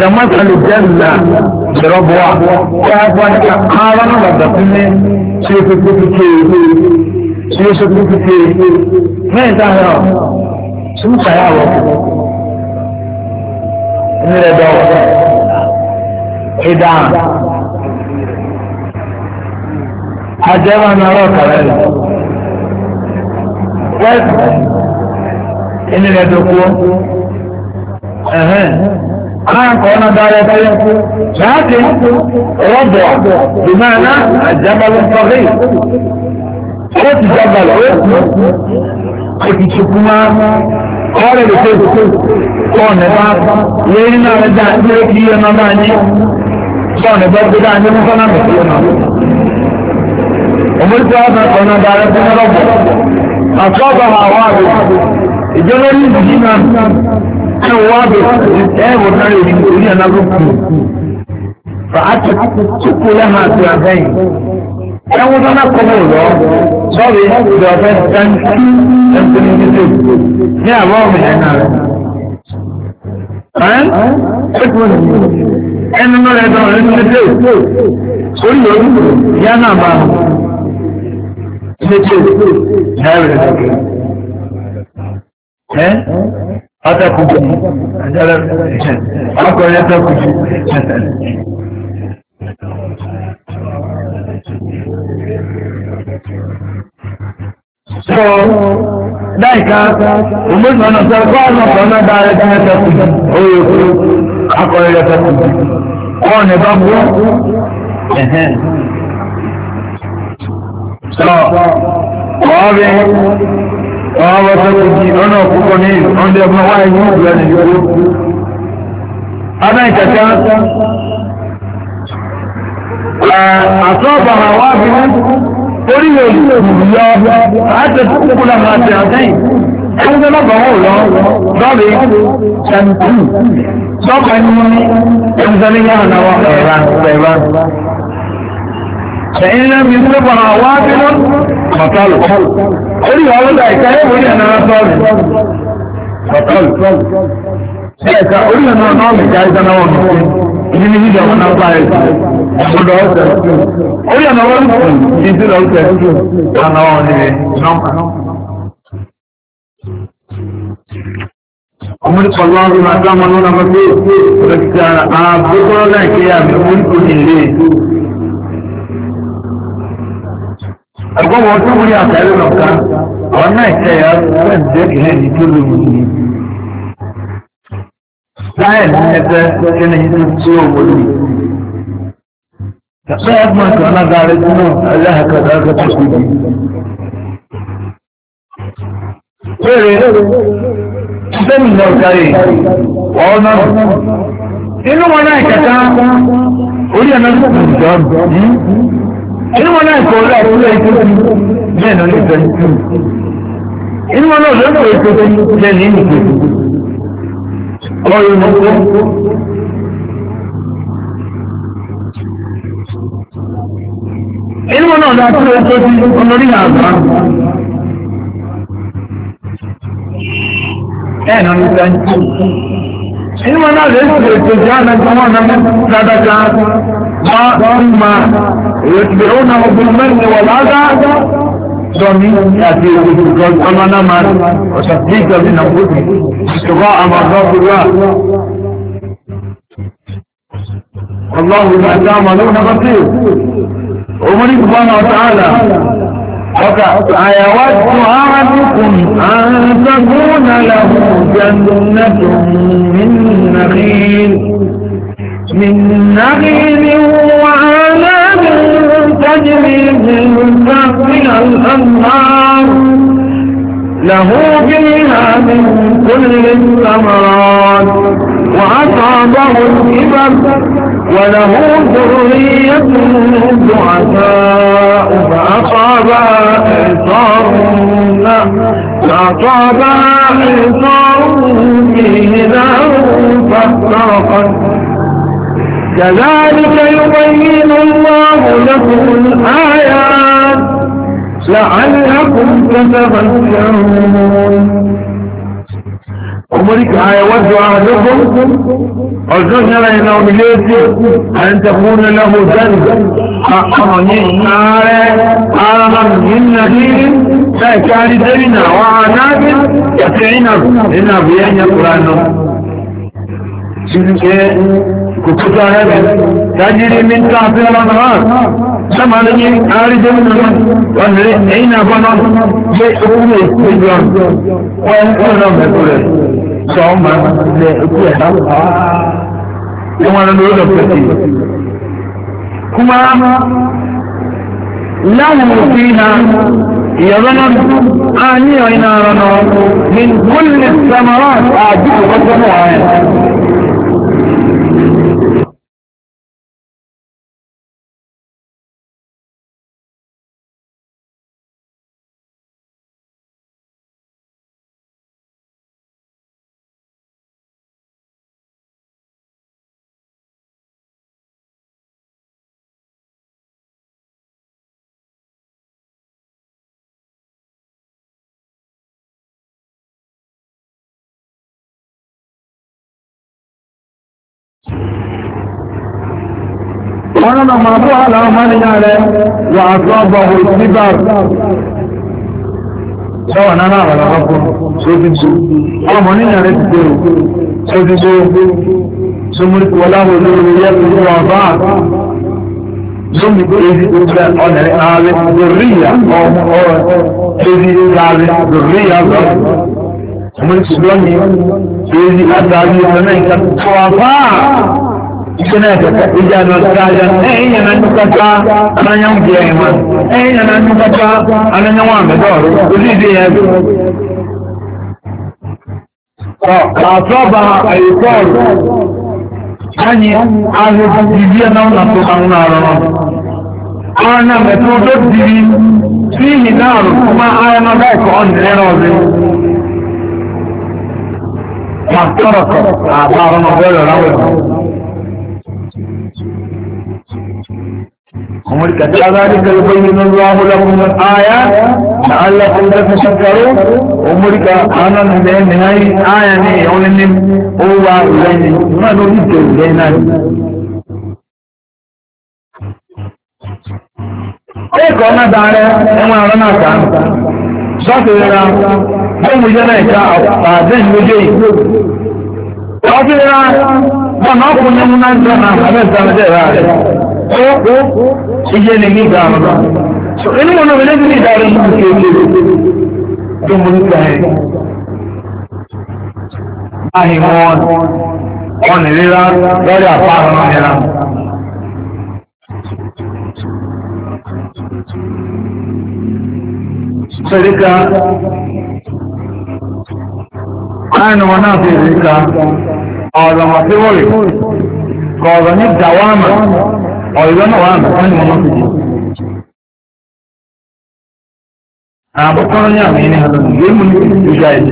كمثل الجنة بربوة كأفوان كأعلم ربطني شيء في كتكي شيء في كتكي ما يتعلم سمسا يا وقت nílẹ̀ dọ̀ ìdáhùn àjẹmọ nàrọ̀ kàrẹ́ rẹ̀ wẹ́ẹ̀sì nílẹ̀ dọ̀kú ẹ̀hẹ́n aláǹkọ̀ ọ̀nà dáadáa báyọ̀ láti rọ́bọ̀ bìmáná àjábálẹ̀ sọ́rí ó ti jábàlẹ̀ ó ti ọrẹ lè fẹ́ ọ̀nà bá lórí náà rẹ̀ dá ní ó kí ọmọ bá ní ọ̀nà bá gbé dá ní mọ́kọ́ náà mẹ́sí ọ̀nà. Òmùsí ọ̀nà ọ̀nà dára fún ọlọ́gbọ̀n. Àti ọ̀bọ̀ àwọn àbẹ̀ ìjọ lórí ìdíjí náà ẹ̀ wọ́ àbẹ̀ ẹ̀ wò náà èyí orí àná ló kù. Fàá ti kúkú lẹ́hàn àti àbẹ́yìn ẹ̀wọ̀n tó náà kọ́ mọ̀ lọ sọ́ọ̀rì the offence can be ẹ̀ńtọ́ni títí ní àbọ̀ ọ̀mì ẹ̀ná rẹ̀. ẹnu náà rẹ̀ dán ẹnu títí orí yòókù ìyá náà máa títí náà rẹ̀ dàgbé. Ata kuku, akọrin ata kuku. so dáìka òmùsùn ọ̀nà sọ kọ́ ọ̀nà sọ náà dáa rẹ̀ dáa rẹ̀ kù oyè kù akọ̀rẹ́ rẹ̀ kù kọ́ ọ̀nà ẹ̀bá kú ẹ̀hẹ́n so ọ̀ọ́bẹ ọ̀ọ́bẹ sọ kù jí ọ̀nà òkúkọ ní ọ̀ndẹ̀ ọ̀gbọ̀n wáyé ní ìgbà ní ìgbà abẹ́ ìkẹ̀kẹ́ àtọ́bà àwọn àbí orí mi ò kù yọ àti kúkú náà máa tẹ̀ àtẹ́yìn ẹgbẹ́ náà bọ̀ wọ́n lọ lọ́rẹ̀ ṣàǹtì sọ́kà ní ẹnzẹ́lẹ́ yára náà wà ẹ̀rá ẹ̀rá. Ṣẹ̀yìn náà mi tó bọ̀ àwọn abínú mọ̀tálù. Orí ìwà ọlọ́dà ìka ẹ̀wọ̀n yẹn náà sọ́ọ̀rì. Mọ̀tálù. Ṣé ẹ̀ka orí ìwà náà náà lè já ìdáná wọn nù ìdí ní ìdí àwọn náà báyìí ọ̀dọ̀ ọ̀sẹ̀ orí ọ̀nà wọ́n ti ti lọ ọ̀sẹ̀ ọ̀nà wọn ni nọ́mbà. ọmọdé pọ̀lú ọ̀rùn náà dáhùn ọ̀nà ọ̀nà pé ọ̀sẹ̀ àbúkọ́ nàìjíríà mi ò ní kò ní ilé. ẹ̀gbọ́n wọn tó wúlé àtàrí ọ̀kan ọ̀nà ìtẹ̀yà fẹ́ǹdé ìlẹ́ni tó lóyún táyà ní ẹgbẹ́ kíni inú tí ó wọlé ẹgbẹ́ ẹgbẹ́ ọ̀sán alágbára tí náà aláhàkàtà àgbàtà sí ibi péré sẹ́mìnà ọ̀gáyé ọ̀nà inú wọn náà kẹta orí ẹ̀nà ìjọm inú wọn náà kọ orí àkúrò ètò sí bẹ́ẹ̀ náà lè fẹ́ inú wọn náà lọ́pọ̀ ètò sí bẹ́ẹ̀ ní ìgbèkùn ọ̀rọ̀ ìmọ̀kọ́ inú náà dá tó tó ti olórí àgbà ẹ̀ náà ní sáyẹ́ inú náà lè ṣe ètò ìjà àdájọ́ wọn náà dáadáa máa ń ma ètò ìrọ̀nà ọgbọ̀n mẹ́rin wọ̀ lágbàá سوني يأتي ويقول أمانا من وتصديقا من أنفسهم استغاء مرضات الله والله ما تعملون بصير عمر سبحانه وتعالى أيود أحدكم أن تكون له جنة من نخيل من نخيل وعنب تجري من الأنهار له فيها من كل الثمرات وأصابه الكبر وله ذرية ضعفاء فأصابها إعصار فأصابها إعصار فيه نار فاحترقت كذلك يبين الله لكم الآيات لعلكم تتفكرون أمرك آيوات وعدكم أرجوك لا ينام ليتي أن تكون له ذنب أعني آية آرم من نبيل فكان دينا وعناب يتعين لنا بيان القرآن سنكي kukuta hebe tajiri min tafi al-anhar samanani aride min al-anhar wanere eyna bana ye okume istijon wen ona mekure soma le okuye ha yamana nuru da fati kuma lahum fiha يظنن آني وإنا رنو من كل الثمرات أعجب وقت معين ọ̀nà máa bọ́ aláwọ̀mánìyàn rẹ̀ wà àtúwọ̀bọ̀hù síbà sọ́wọ̀ náà náà rẹ̀ lọ́pọ̀ sófíjú ọmọ níyàn rẹ̀ ti dé o sófíjú sómúrikù ọláwọ̀ olórí yẹ́ kí wọ́n bá lómi èyí ọ̀rẹ́ ọ̀nẹ̀rẹ̀ ààrẹ lóríyà ọmọ ọ̀rẹ́ èyí ààrẹ lóríyà lọ́rọ̀ sómúrikù lọ́nìí èyí àtàrí ọ̀nà ìkàtúwà báà suna a ijado sajan ẹ̀yìn yana nukata aranyan biya ima na nukata aranyan wa mai dọ̀rọ̀ ojú ìdí ya bi. ọ àtọ́ba àyíkọ́ọ̀rù anyị ahụ dìbíyà náà nàtó àwọn arọrọ ọrịa kuma ahịa na dáìkọ ọ nìlera ma tọrọ kọ àbá ọrụ na ọbẹ عمر كذلك يبين الله لكم الآيات لعلكم تتشكرون عمر أنا من هاي آية يعلم هو لين ما نريد لين Ẹ̀kọ́ náà dáadẹ́ ẹmọ ọ̀rọ̀ náà kàá. Sọ́tò ìrìnà, bí mo jẹ́ náà ìka àdé ìlúgbé yìí. Sọ́tò ìrìnà, bọ́n náà kò ní mú náà jọ náà, àbẹ́ ìsànlẹ̀ jẹ́ ìrà rẹ̀ iṣẹ́ lè ní ìgbà àrùn náà inú mọ̀nà òmìnira ní ìdarí ìdíje ìlú tó mú nípa ẹ̀ báyìí wọn wọn nìrira lórí àpá àrùn nìra. Sọ̀rọ̀ká láàrin wọn náà fi rí ká ọ̀rọ̀ mọ̀ sí wọ̀rẹ̀ kọ̀ọ̀rọ̀ ní dàwámà ọ̀yọ́ náà wà náà ní ọmọ méjì. àbùkọ́rọ́ ní àmì ní àlọ́ ní mú ní ìjọ àìsí.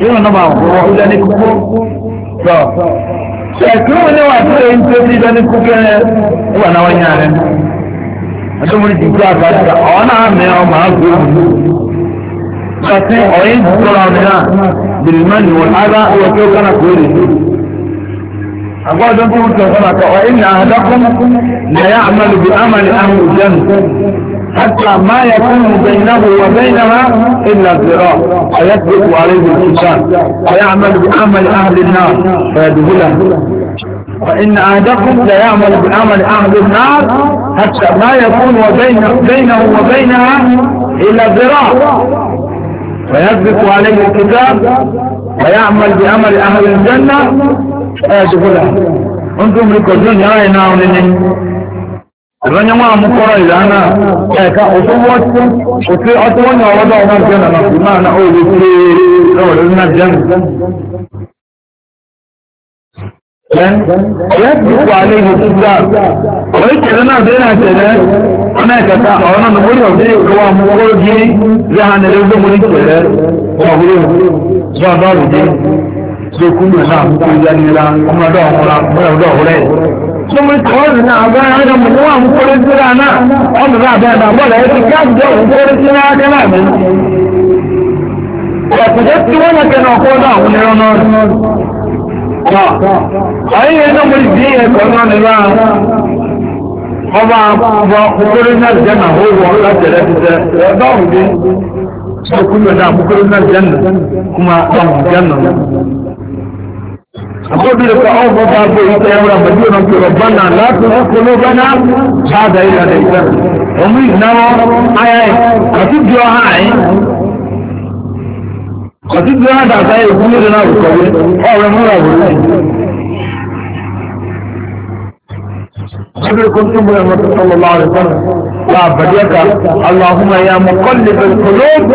yóò náà máa wọ ọjà ní kókó na ṣèkúrò ní wàá tó èyí tó ti dání kókó ẹ wà náà wáyé àárẹ̀. àdómọ́ni dìgbò àgbàdìgbà ọ̀ náà mẹ́ ọ máa gbé òun. Sọ̀tún ọ̀yẹ́ ìdúró àwọn mìíràn bìrìmọ́nì wọn, ara wọ́n kánà kó lè dé. وإن أهلكم ليعمل بأمل أهل الجنة حتى ما يكون بينه وبينها إلا ذراع فيثبت عليه الإنسان ويعمل بأمل أهل النار فيدخله وإن أهدكم ليعمل بأمل أهل النار حتى ما يكون بينه وبينها إلا ذراع فيثبت عليه الكتاب ويعمل بأمل أهل الجنة ẹ̀ẹ́dùkúlà ń tún mi kọjú ní ààrẹ náà níní ìrọ́nyẹ́ wọn àmúkọ́rọ̀ ìlànà ẹ̀ka òtí ọtí wọ́n ní ọwọ́dọ̀ ọgbọ́n tí ó nà máa ma na ná òòlù tí lọ́wọ́ lórí náà jẹ́nu. ya ti wà a ṣe kúrò náà ń kó yá nira ọmọdé ọ̀húnra ọmọdé ọ̀húnrẹ́. Sọmọ ìtọ́jú náà agbára ẹ̀rọ mọ̀ fún àwọn kórè síra náà ọmọ náà bẹ́ẹ̀ náà bọ́ọ̀lù ẹ̀sìn káàkiri ọ̀hún kórè síra ẹ̀kẹ́ náà mi. Ọ̀pọ̀jẹ́ tí wọ́n yẹn kẹ́nà ọkọ̀ náà àwọn ẹ̀rọ náà. Ayé yẹn náà mo di ẹ̀kọ́ náà nira ọba ọba kórè náà jẹ́ náà ó wọ̀ láti rẹ̀ ti tẹ ẹ̀ فقبلك أوم وضعبه يتأمر مدينة ربنا لا تزغ قلوبنا بعد إذ هديتنا ومن نوى آية كتب جواها كتب جواها دعتا يقول لنا بالقبول أو رمونا بالله قبل كنتم محمد صلى الله عليه وسلم يا بديك اللهم يا مقلب القلوب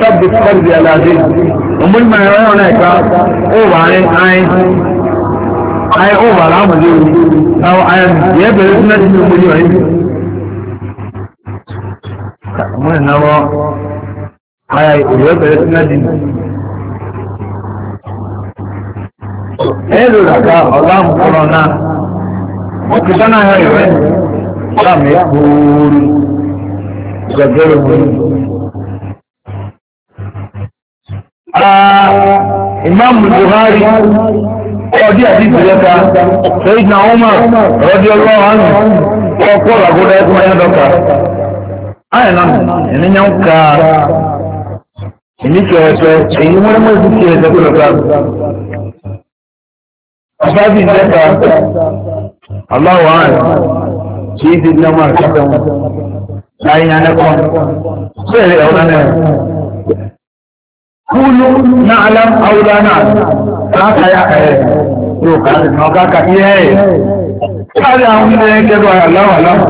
ثبت قلبي على دينك ومن ما يرونك او بعدين عين ayé ó wà láàmù léwu àwọn ayé mi yẹ bẹ̀rẹ̀ fún láti fi omi yọ̀ yìí. mo nì ayé òyìnbó bẹ̀rẹ̀ fún láti nù. ẹ lò lọ́gà ọ̀làmù kọ́nọ̀ náà wọ́n ti sọ́nà ayé rẹ̀ láàmì kúrú gbẹ̀gbẹ̀rẹ̀ wọ̀nyí. Imam Buhari ọdí àti ìsìlẹ́ta ṣéyí na ọmọ rọ́dí ọlọ́run ọkọ̀ làgọ́dá ẹ̀kọ́ ayé dọ́kà ayé náà ènìyàn ń ka ìníkẹ́ ẹ̀fẹ́ èyí mọ́lẹ́mọ́ ìdíkẹ́ ẹ̀fẹ́ kó lọ́kà ọba bí ìsìlẹ́ta aláwọ̀ àrùn kì í ti dín ọmọ àkàtà wọn láyé yẹn lẹ́kọ̀ọ́ bẹ́ẹ̀ ọ̀dọ́ náà kúlù náà alám àwùlá náà káàkà yà ẹ̀ yóò káàkì náà káàkà yẹ́ ẹ̀ káàkì àwọn ilẹ̀ kẹrọ aláwọ̀ aláwọ̀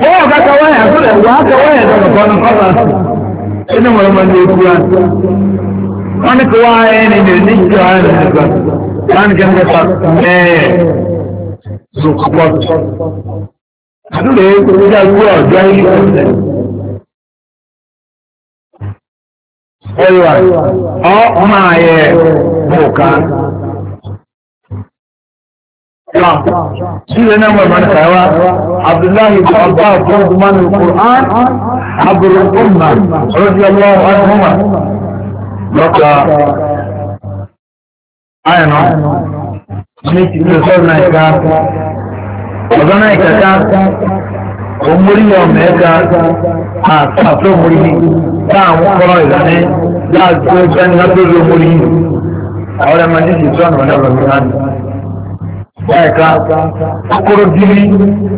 wọ́n káàkà wáyà tó lẹ̀ wọ́n káàkà wáyà tó lẹ̀ kọ́nà kọ́nà inú mọ̀rọ̀ mọ̀ ní ikú wa wọ́n ní kó wáyà ẹni ní ní ẹ̀yà ọ máa yẹ bùkà. Sílẹ̀ náà mọ̀ ìmọ̀ni kàíwá, Abdullahi bin Abbas tó ń gbọ́n ní Kùrán, Abdul Umma, Rọ́bí Allah Adúmà, lọ́kà àyànà, ní ti ilé sọ́rọ̀ náà ìka, ọ̀gá náà ìkàkà, òmúrí ọmọ ẹ̀ka, àtàtọ̀ òmúrí ní, táà ń kọ́rọ̀ ìlànà láà tó sẹ́ni lábẹ́rẹ́ owó rí àwọn ẹ̀ma ní ìṣètò àná ọ̀nà ọ̀rọ̀ mìíràn ni. Báyìíká kókóró dìrí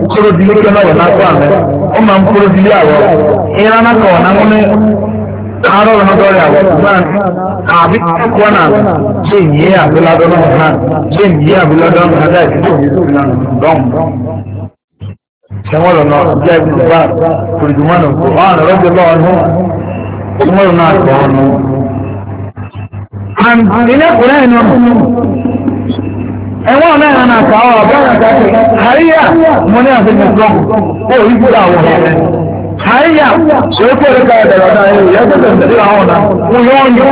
kókóró dìrí tó náà wọ̀ náà tó àmẹ́ ó máa ń kóró dìrí àwọ̀ ìran náà kọ̀ náà múni àárọ̀ ọ̀nà dọ́rẹ̀ àwọ̀ ṣùgbọ́n àbí kọ́ náà ṣe ìyé àbúládọ́ náà ṣe ìyé àbúládọ́ náà láì fi tó ìyé tó ìlànà dọ́m. Ṣé wọ́n lọ ìgbà kùrìdùmọ́nù kò hàn rọ́jò lọ́wọ́ náà tomorrow náà kọ́ ọ́ nù. and ilé kúrẹ́ ẹ̀ náà kúrú. ẹ̀wọ̀n náà yàn náà kàwọ́ ọ̀bẹ́rẹ̀ kẹ́kẹ́ àríyá mo ní àti mi sọ ó rí kúrò àwọn ọ̀rẹ́ àríyá òye kúrò ká ẹ̀dẹ̀ ọ̀dà ẹ̀ yẹ kó tẹ̀sẹ̀ sí àwọn ọ̀dà mo yọ ọ́ yọ.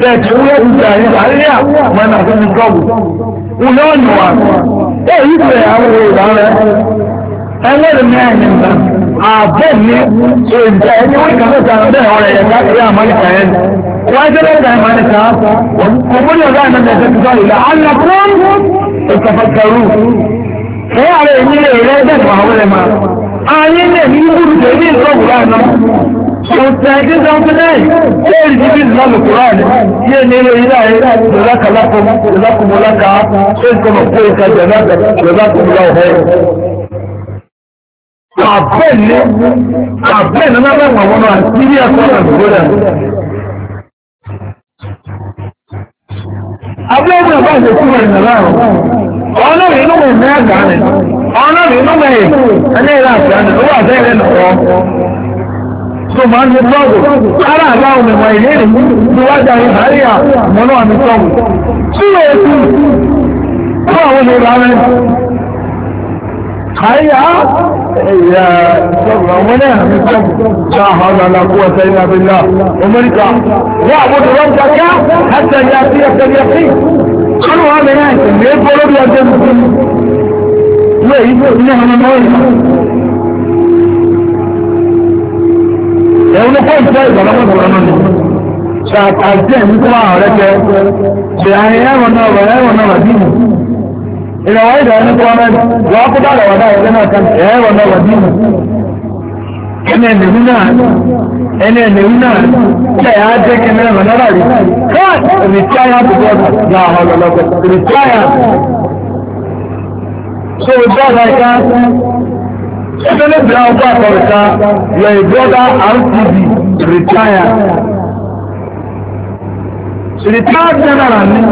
bẹ́ẹ̀ tí wúyẹ́ ti sẹ́ àríyá mo ní àti mi àbẹ́ni èdè ẹni wọ́n kàn mẹ́ta bẹ́ẹ̀ ọ̀rẹ́ ẹ̀ka ìwé àmọ́nìkà yẹn wọ́n ṣe lẹ́ta ìmọ̀nìkà òmúlò ọ̀gá ìmọ̀nìkà ẹ̀ka ìjọ ìlà alákùn ìtàfàkàrù ẹ̀ ààrẹ èmi lè rẹ́ dẹ̀kọ̀ àwọn ẹ̀ma ayé lè ní ìwúrù fún ìkàjẹ̀ náà Àbẹ́ ní àbẹ́ ní lábẹ́ àwọn ọmọ náà sírí ẹ̀kọ́ náà ló rẹ̀. Abúlé náà bá ṣe kúrò ìrìn láàrùn. Ọ̀nà rẹ̀ inú mẹ́rin mẹ́rin àgbà ni. Ọ̀nà rẹ̀ inú mẹ́rin ẹni ìlà àgbà ni. Owó àbẹ́ rẹ̀ nọ̀kọ́. Tó máa ń ṣe tọ́ọ̀bù. Ara àbá òun ìwọ̀n ìlérí tí wájú àwọn ìbárí à mọ́nà àmì tọ́ọ̀bù. Tí ó yẹ kí àyà ẹ̀yà ìṣọ́gbà wọn náà ní sọ́gbà ṣáà ọ̀nà àkúwà sẹ́yìn abẹ́lá amẹ́ríkà wọ́n àbúrò wọn gbàgbá ẹ̀sẹ̀ yà sí ẹ̀sẹ̀ yà sí ọ̀nà wọn mẹ́rin àìsàn ní ẹgbẹ́ olóbi ọjọ́ mùsùlùmí lóyìí ní ọmọ náà ẹ̀wọ́n kọ́ ìfẹ́ ìgbàlọ́mọ̀sọ̀rọ̀ náà ni ṣàkàtì ẹ̀mí kọ́ ààrẹ jẹ́ ṣe àyẹ̀wọ̀n náà wọ̀ ẹ̀wọ̀n náà wà ina wai da wani kuma mani wa ku ba da wada yana kan eh wannan wadini ene ne nuna ene ne nuna da ya je kenan wannan rari kai ritaya ku ba ya hawala lokacin ritaya so da like Ẹgbẹ́lẹ́ bí a gbà kọ̀ọ̀ta, your brother RTD retire. Retire general ni,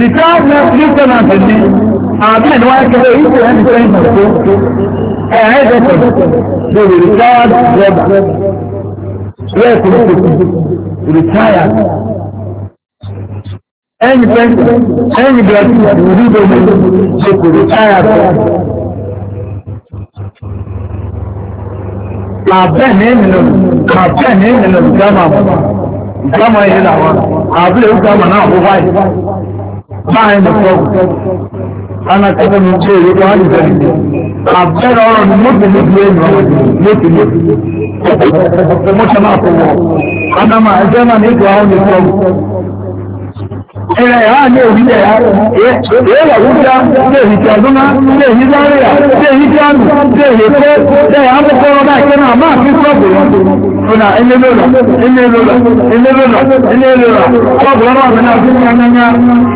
retire general ni àbí ẹni wáyé kẹfẹ yìí ṣe ẹni fẹ́ ìgbà tó ẹ ẹ dẹ́kẹ̀ ṣe lè retired rọ́bà rẹ̀ kò lè tètè retired ẹni fẹ́ ẹni bẹ̀rẹ̀ tí wọ́n rí lórí ṣe kò retired rẹ̀. Àbẹ́ ní ìlú àbẹ́ ní ìlú ìgbàmà ìgbàmà ìlú àwọn ana kọ́kọ́ ní ṣe èyí wọ́n á lè bẹ̀rẹ̀ ní. àbẹ̀rẹ̀ ọ̀rọ̀ ni mo ti ní ìlú ẹ̀yìn ọ̀rọ̀ mo ti ní. mo ṣe máa fọ wọ. adama ẹgbẹ́ máa ní ìtura ọ̀hún ní ìtura ọ̀hún. ìrẹ̀ yà á ní èyí yẹ̀ yá. èyí wà wúdà ṣé èyí ti ọdún náà ṣé èyí záríà ṣé èyí ti àmì ṣé èyí kó ṣé èyí àkókò ọ̀rọ̀ náà ìkẹ́ náà máa fi sọ́ọ̀bù Ona ele lola, ele lola, ele lola, ele lola, ọgbọ̀n ọ̀gbọ̀n náà fi ń yan yan yan.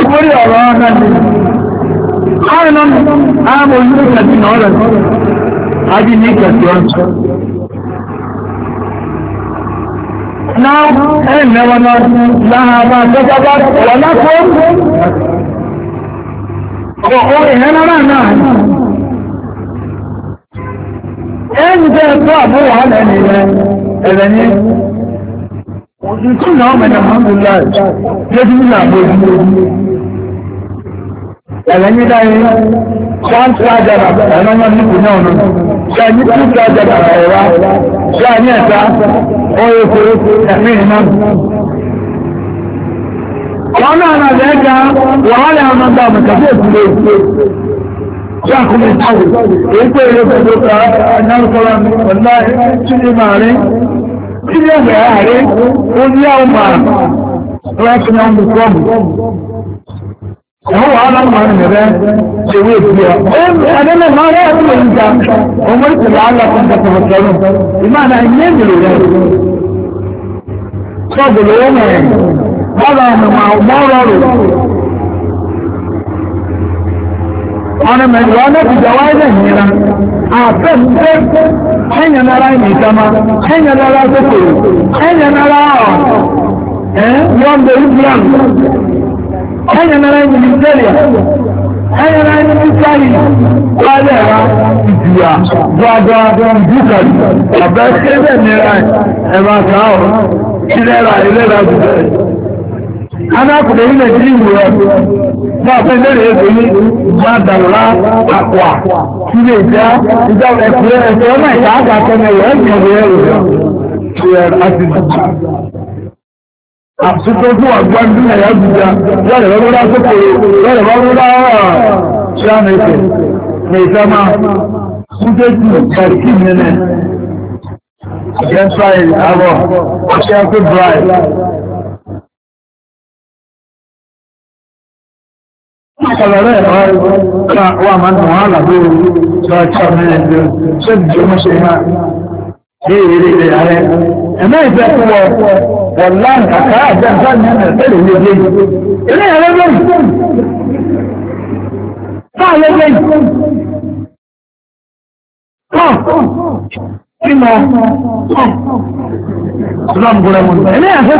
ìgbórí ọ̀rọ̀ ọ̀nà ni ààrùn ààbò ìlú kẹsì náà rẹ̀ ajé ní kẹsì ọ̀nà náà ẹ̀yìn mẹ́wọ́n náà láàbà tọ́jọ́ bá wọ́n lápò ọ̀pọ̀ ìhẹ́nà náà ẹ̀yìn tẹ́ ẹ̀kọ́ àbúwọ̀ ọ̀lẹ́ nìyẹn ẹ̀rẹ̀yìn dáyé one trajara ẹ̀rọ̀yàn nípò náà nù ṣe ní two trajara ẹ̀rọ ṣe ní ẹ̀ta oókò ẹ̀mí iná wọn náà nà lẹ́ ga wàhálà ọmọ gbà mẹ́ta bí èkúlé èkúlé ṣe àkúlé ìtàwé èyí pé èrè pẹ̀lú ká ẹ̀nàlùkọ́lá ọ̀lá ìtúlé màá rí ilé ẹ̀rẹ̀ àárẹ̀ Àwọn alámàrin rẹ̀ ṣe wé ìgbé ọ. Adẹ́lẹ̀ máa rẹ̀ ẹ̀kú lè yíga, ọmọ ìpìlẹ̀ alákùn tẹ̀kọ̀rọ̀ tẹ̀rù. Ìmáàdá ilé ìlú rẹ̀. Ṣọ́ọ̀bù lówó mọ̀ ẹ̀. Bọ́lá ọmọ ọmọ ọ̀rọ̀ rò. Ọ̀rẹ́ mẹ́rin wọn lẹ́bi jẹ́wọ́ ẹ̀rẹ́ ìnira. Àfẹ́ ṣe ẹ̀yàn ara ìnìjọba, ẹ̀yàn ara sókòrò, ẹ̀yàn ara ọ̀ ẹ̀yẹ̀ nára ẹ̀yẹ̀ ní tẹ́lẹ̀ ẹ̀yẹ̀ nára ẹ̀yẹ̀ ní sáyì wálé ẹ̀rá ìjìyà gbọ́gbọ́ búkàlì ahụ kébẹ̀ nira ẹ̀rọ àtàá ọ̀rọ̀ ìlera na jùlọ anákùnrin ilẹ̀ tí ìwò rẹ̀ máa fẹ́ lẹ́rẹ̀ èdè akwa máa dàrúlá àpà ndị lè jẹ́ ìjọ ẹ̀kùnrin ẹ̀kùnrin náà ìta àgbà tẹ́lẹ̀ ya àtúntò fún àgbà ní ẹ̀yà gbígbà lọ́rẹ̀ bá múlá kòkòrò lọ́rẹ̀ bá múlá ṣáàmì ẹ̀fẹ̀ ní ìtẹ́mà súnjẹ́jì kàríkì nínú ẹ̀ẹ́sà àwọ̀ ọ̀ṣẹ́ ẹ̀kọ́ dry Àkàlọ̀rẹ́ ọ̀rẹ́ wà máa ń tàn wọ́n àlàbò ṣọ́ọ̀ṣọ́ mẹ́rin ṣe ìjọmọ́ṣe náà ní ìrírí rẹ̀ ààrẹ. Ẹ̀mẹ́ ìfẹ́ fún ọ wọ̀láì àkàrà àjẹ́ ìsáàmì ẹ̀mẹ̀ tẹ́lẹ̀ ilé ilé yìí. Ilé ẹ̀rọ lóyìn. Táà lé lé yìí. Tọ́ kí lọ tọ́ lọ́nbùrẹ̀ mọ̀. Ilé ẹ̀fẹ́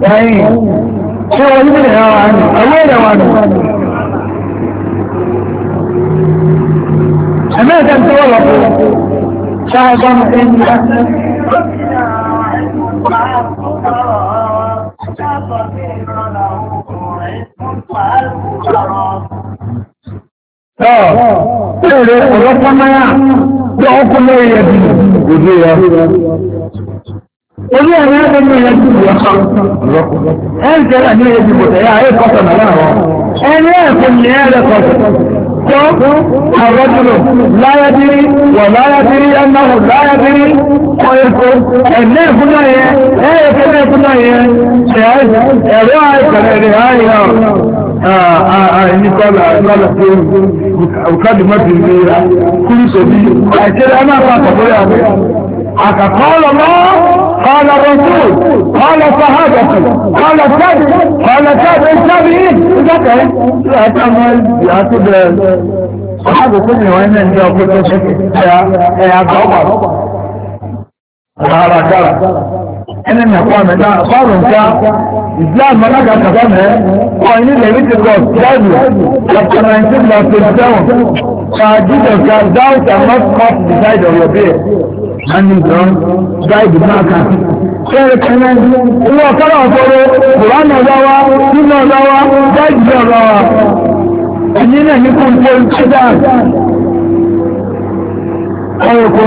tó ẹ̀yìn. Ṣé wọ́n ní ilẹ̀ ẹ̀rọ àánú? Ẹ̀wọ́ ilẹ̀ wà Ẹ̀mẹ́ ìjẹ́ ń tẹ́wọ́ lọ. Ṣáà gbọ́n ẹni Ẹ̀rẹ́ ọ̀rọ̀pọ̀ náà tó ọkùn lórí ẹ̀dì òjò rẹ̀. Orí ẹ̀rẹ́ ẹ̀rẹ́ ní ẹ̀dì ìwọ̀sán. Ẹ̀rẹ́ ìjẹ́rẹ́ ní ẹ̀dì ìbòtẹ̀ yá ẹ̀rẹ́ kọ́sọ̀ náà rọ̀. Ẹ̀rẹ́ ẹ̀kùn ní ẹ̀rẹ́ kọ́sọ̀. Tó àrọ́jùlọ láyádìrí wọ̀ láyádìrí ẹ̀náwó láyádìrí ọ̀yẹ́kọ́ ẹ̀lẹ́ ẹ̀kùn náà yẹ ẹ̀rẹ́ ẹ̀kùn náà yẹ ẹ̀rọ àìsàn ẹ̀rẹ́ àìyàn ẹni kọ́lá kọ́lá tó ọ̀kadì mọ́tì ní ra kúrú sóbí àìkẹ́lẹ́ ọmọ àpapọ̀ lórí àbẹ́ àkàkọ́ọ̀lọ́ mọ́ قال الرسول قال صحابته قال السبب قال السبب السبعين ذكر لا تعمل لا تبال صحابة كل وين انت وقلت شكل يا عمر قال كلا ان النقوة من صار انت اسلام ملك القدم kọ̀ọ̀ní leviticus jáde chapter nineteen verse twenty-seven for jesus christ thou shalt not cut the side of your beard and his own guide the marker. Kẹ́rin kẹ́rin owó ọ̀kọ́rọ̀ ọ̀fọ́rọ̀ Kùránì ọ̀dá wa, nínú ọ̀dá wa, jáde ọ̀dá wa. Ẹ̀yin náà ní kún tó ń ṣe dáa. Ọ̀rọ̀ kò,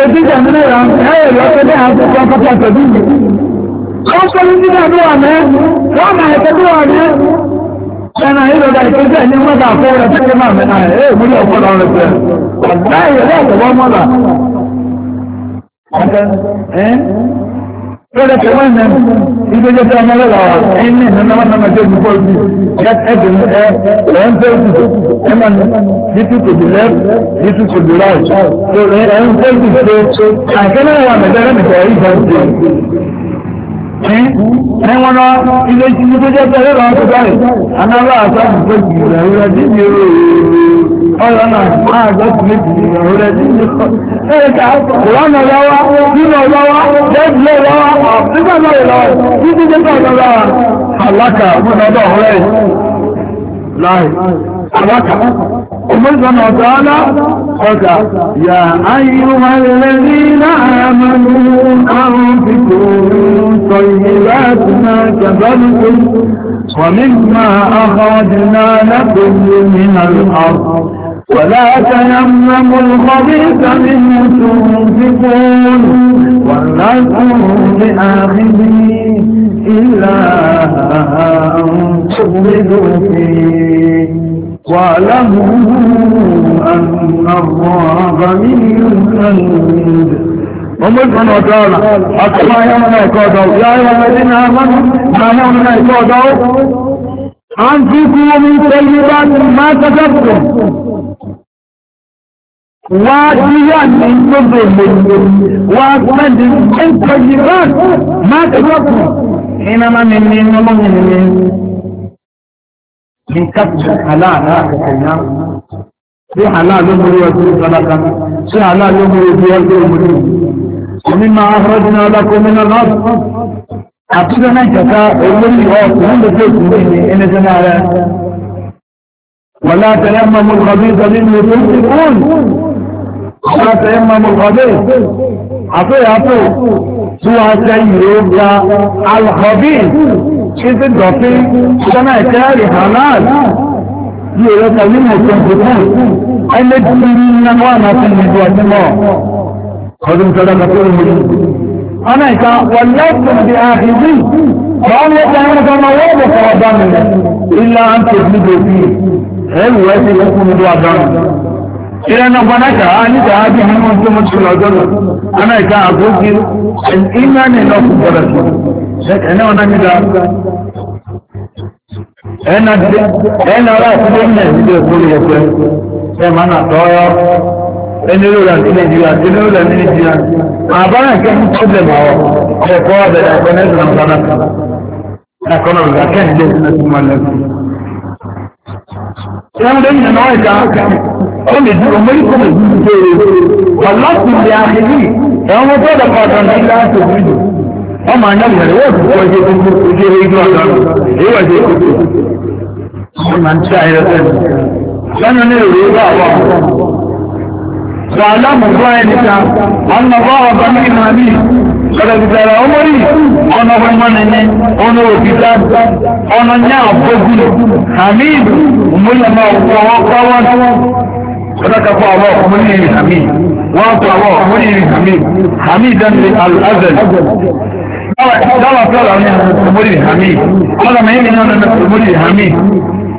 òbí jẹ̀ nílẹ̀ rà, ẹ̀rọ ìlọ́sọ́dẹ̀ àti ọ̀pọ̀ pàtàkì Àwọn kọ́lé ní ìdàdó wà mẹ́, wọ́n máa ẹ̀kẹ́ tó wà mẹ́. Ẹnà ìrọ̀dà ìpínlẹ̀ ní mọ́ta fún ọ̀rẹ́ tó máa mẹ́ta rẹ̀, èè múlẹ̀ ọ̀pọ̀lọ̀ ọ̀rẹ́ pẹ̀. Ọ̀dá ìrọ̀dà ìpọ̀wọ́ tí ọmọ lọ́wọ́ ẹ̀yìn ní ìnáwó náà máa jẹ́ gbogbo ojú ẹ̀dùn ẹ̀ ẹ̀ ń fẹ́ òtútù ẹ̀ máa ní títí kò dì lẹ́ẹ̀ títí kò dì láì lórí ẹ̀ ń fẹ́ òtútù àìkẹ́ náà wà mẹ́tẹ́rẹ́ mẹ́tẹ́rẹ́ ìgbà ní wọn lọ ilé ìṣiṣẹ́ tó jẹ́ pẹ̀lú ọ̀rọ̀ ọ̀sẹ̀ báyìí anáwó àṣàbù tó jù rẹ̀ rẹ̀ ní mi rò ọ̀rọ̀ náà máa gbọ́ sí mi jù rẹ̀ rẹ̀ ní mi rò. ẹ̀rẹ̀ ká ìwọ́nà lọ́wọ́ nínú lọ́wọ́ lẹ́gbẹ̀ẹ́ lọ́wọ́ nígbà náà lọ́wọ́ títí dé pẹ̀lú lọ́wọ́ àlákà ọ̀gbọ́n náà أراك ومزن وتعالى قد يا أيها الذين آمنوا أنفقوا من طيبات ما كسبتم ومما أخرجنا لكم من الأرض ولا تيمموا الخبيث منه تنفقون ولكم باخره إلا أن تغمدوا فيه واعلموا أن الله غني حميد ومسلم وتعالى حتى ما يومنا يقعدوا يا أيها الذين آمنوا ما يومنا يقعدوا أنفقوا من طيبات ما كسبتم واديا من قبل واستجد من طيبات ما كسبتم حينما من من ومن من من كسب الحلال هذا الكلام في حلال يمر يزيد صدقة في حلال يمر يزيد مريض ومما أخرجنا لكم من الأرض أعطينا كفاء أولي وهم بسيط مني إن جنالا ولا تيمموا الغبيط منه تنفقون ولا تيمموا الغبيط عطيه عطيه سوى سيئ الغبيط ṣíṣe dọ̀fin sọ́nà ìtẹ́rì halal bí èrò kàwé mọ̀ ṣẹ́ǹkì fún ẹni tí ní nínú àná fún ìlú ọdún mọ́ ọdún sọ́dọ̀ kàtó omi. ọ̀nà ìta wọ́n lẹ́kùn bí àhìzí wọ́n lé sáyẹn kan máa wọ́n bọ̀ fọwọ́ bá mi ilá ń tẹ̀sí lójú ẹ̀rù ẹ̀sìn lọ́kùnrin lọ́dọ̀ àdáhùn idan na kwana ka ani da abi hannun kuma cewa gano ana ka aboki ah, an ina ne na ku gara su da kana wannan da ena de ena ra ku de ne de ko ne ko e mana toyo ene lo la ni ni ya ene lo la ni ni ya ma da da e ko ne na kana na kono ga ken de na tumala Yang kọ́lì ní omori kọ́lì ní ìbéèrè ọlọ́sùn ní àhìlì ẹ̀wọ̀n tó dà pàtó ní láti ìlú ọmọ anáwó rẹ̀ ojú ìlú èyí ń ayé ní ìlú àwọn ẹni bá ní wọn sadakafo àwọn ọkùnrin ní ìrìn hàmí wọ́n tó àwọn ọkùnrin ní ìrìn hàmí hàmí dánilé al-azal dáwà fẹ́lá ní ọmọdé hàmí ọlọ́mọ yìí ní ọmọdé hàmí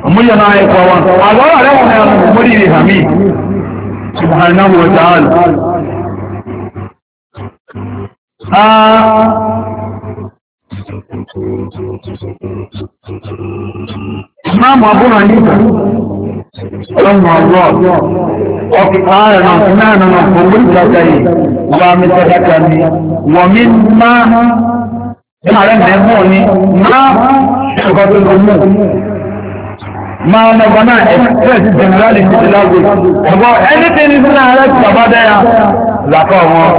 ọmọdé náà ẹ̀kọ́ wọn àgbọ́wà rẹ̀ wọn ní ọmọdé hàmí subhanahu wa ta'ala Máàmù abúrò ní ìgbà ọmọ ọgbọ́ ọkì ààrẹ náà náà gbogbo ìjọba yìí wà mí sọ́dọ́kà ni wọ́n mi máa ààrẹ mẹ́fọ́ ni máa ṣùgbọ́n tó mú máa nọgbọ́ náà express general in the language ọgbọ́ anything is in ààrẹ bàbá dẹ́yà làkọ̀ wọn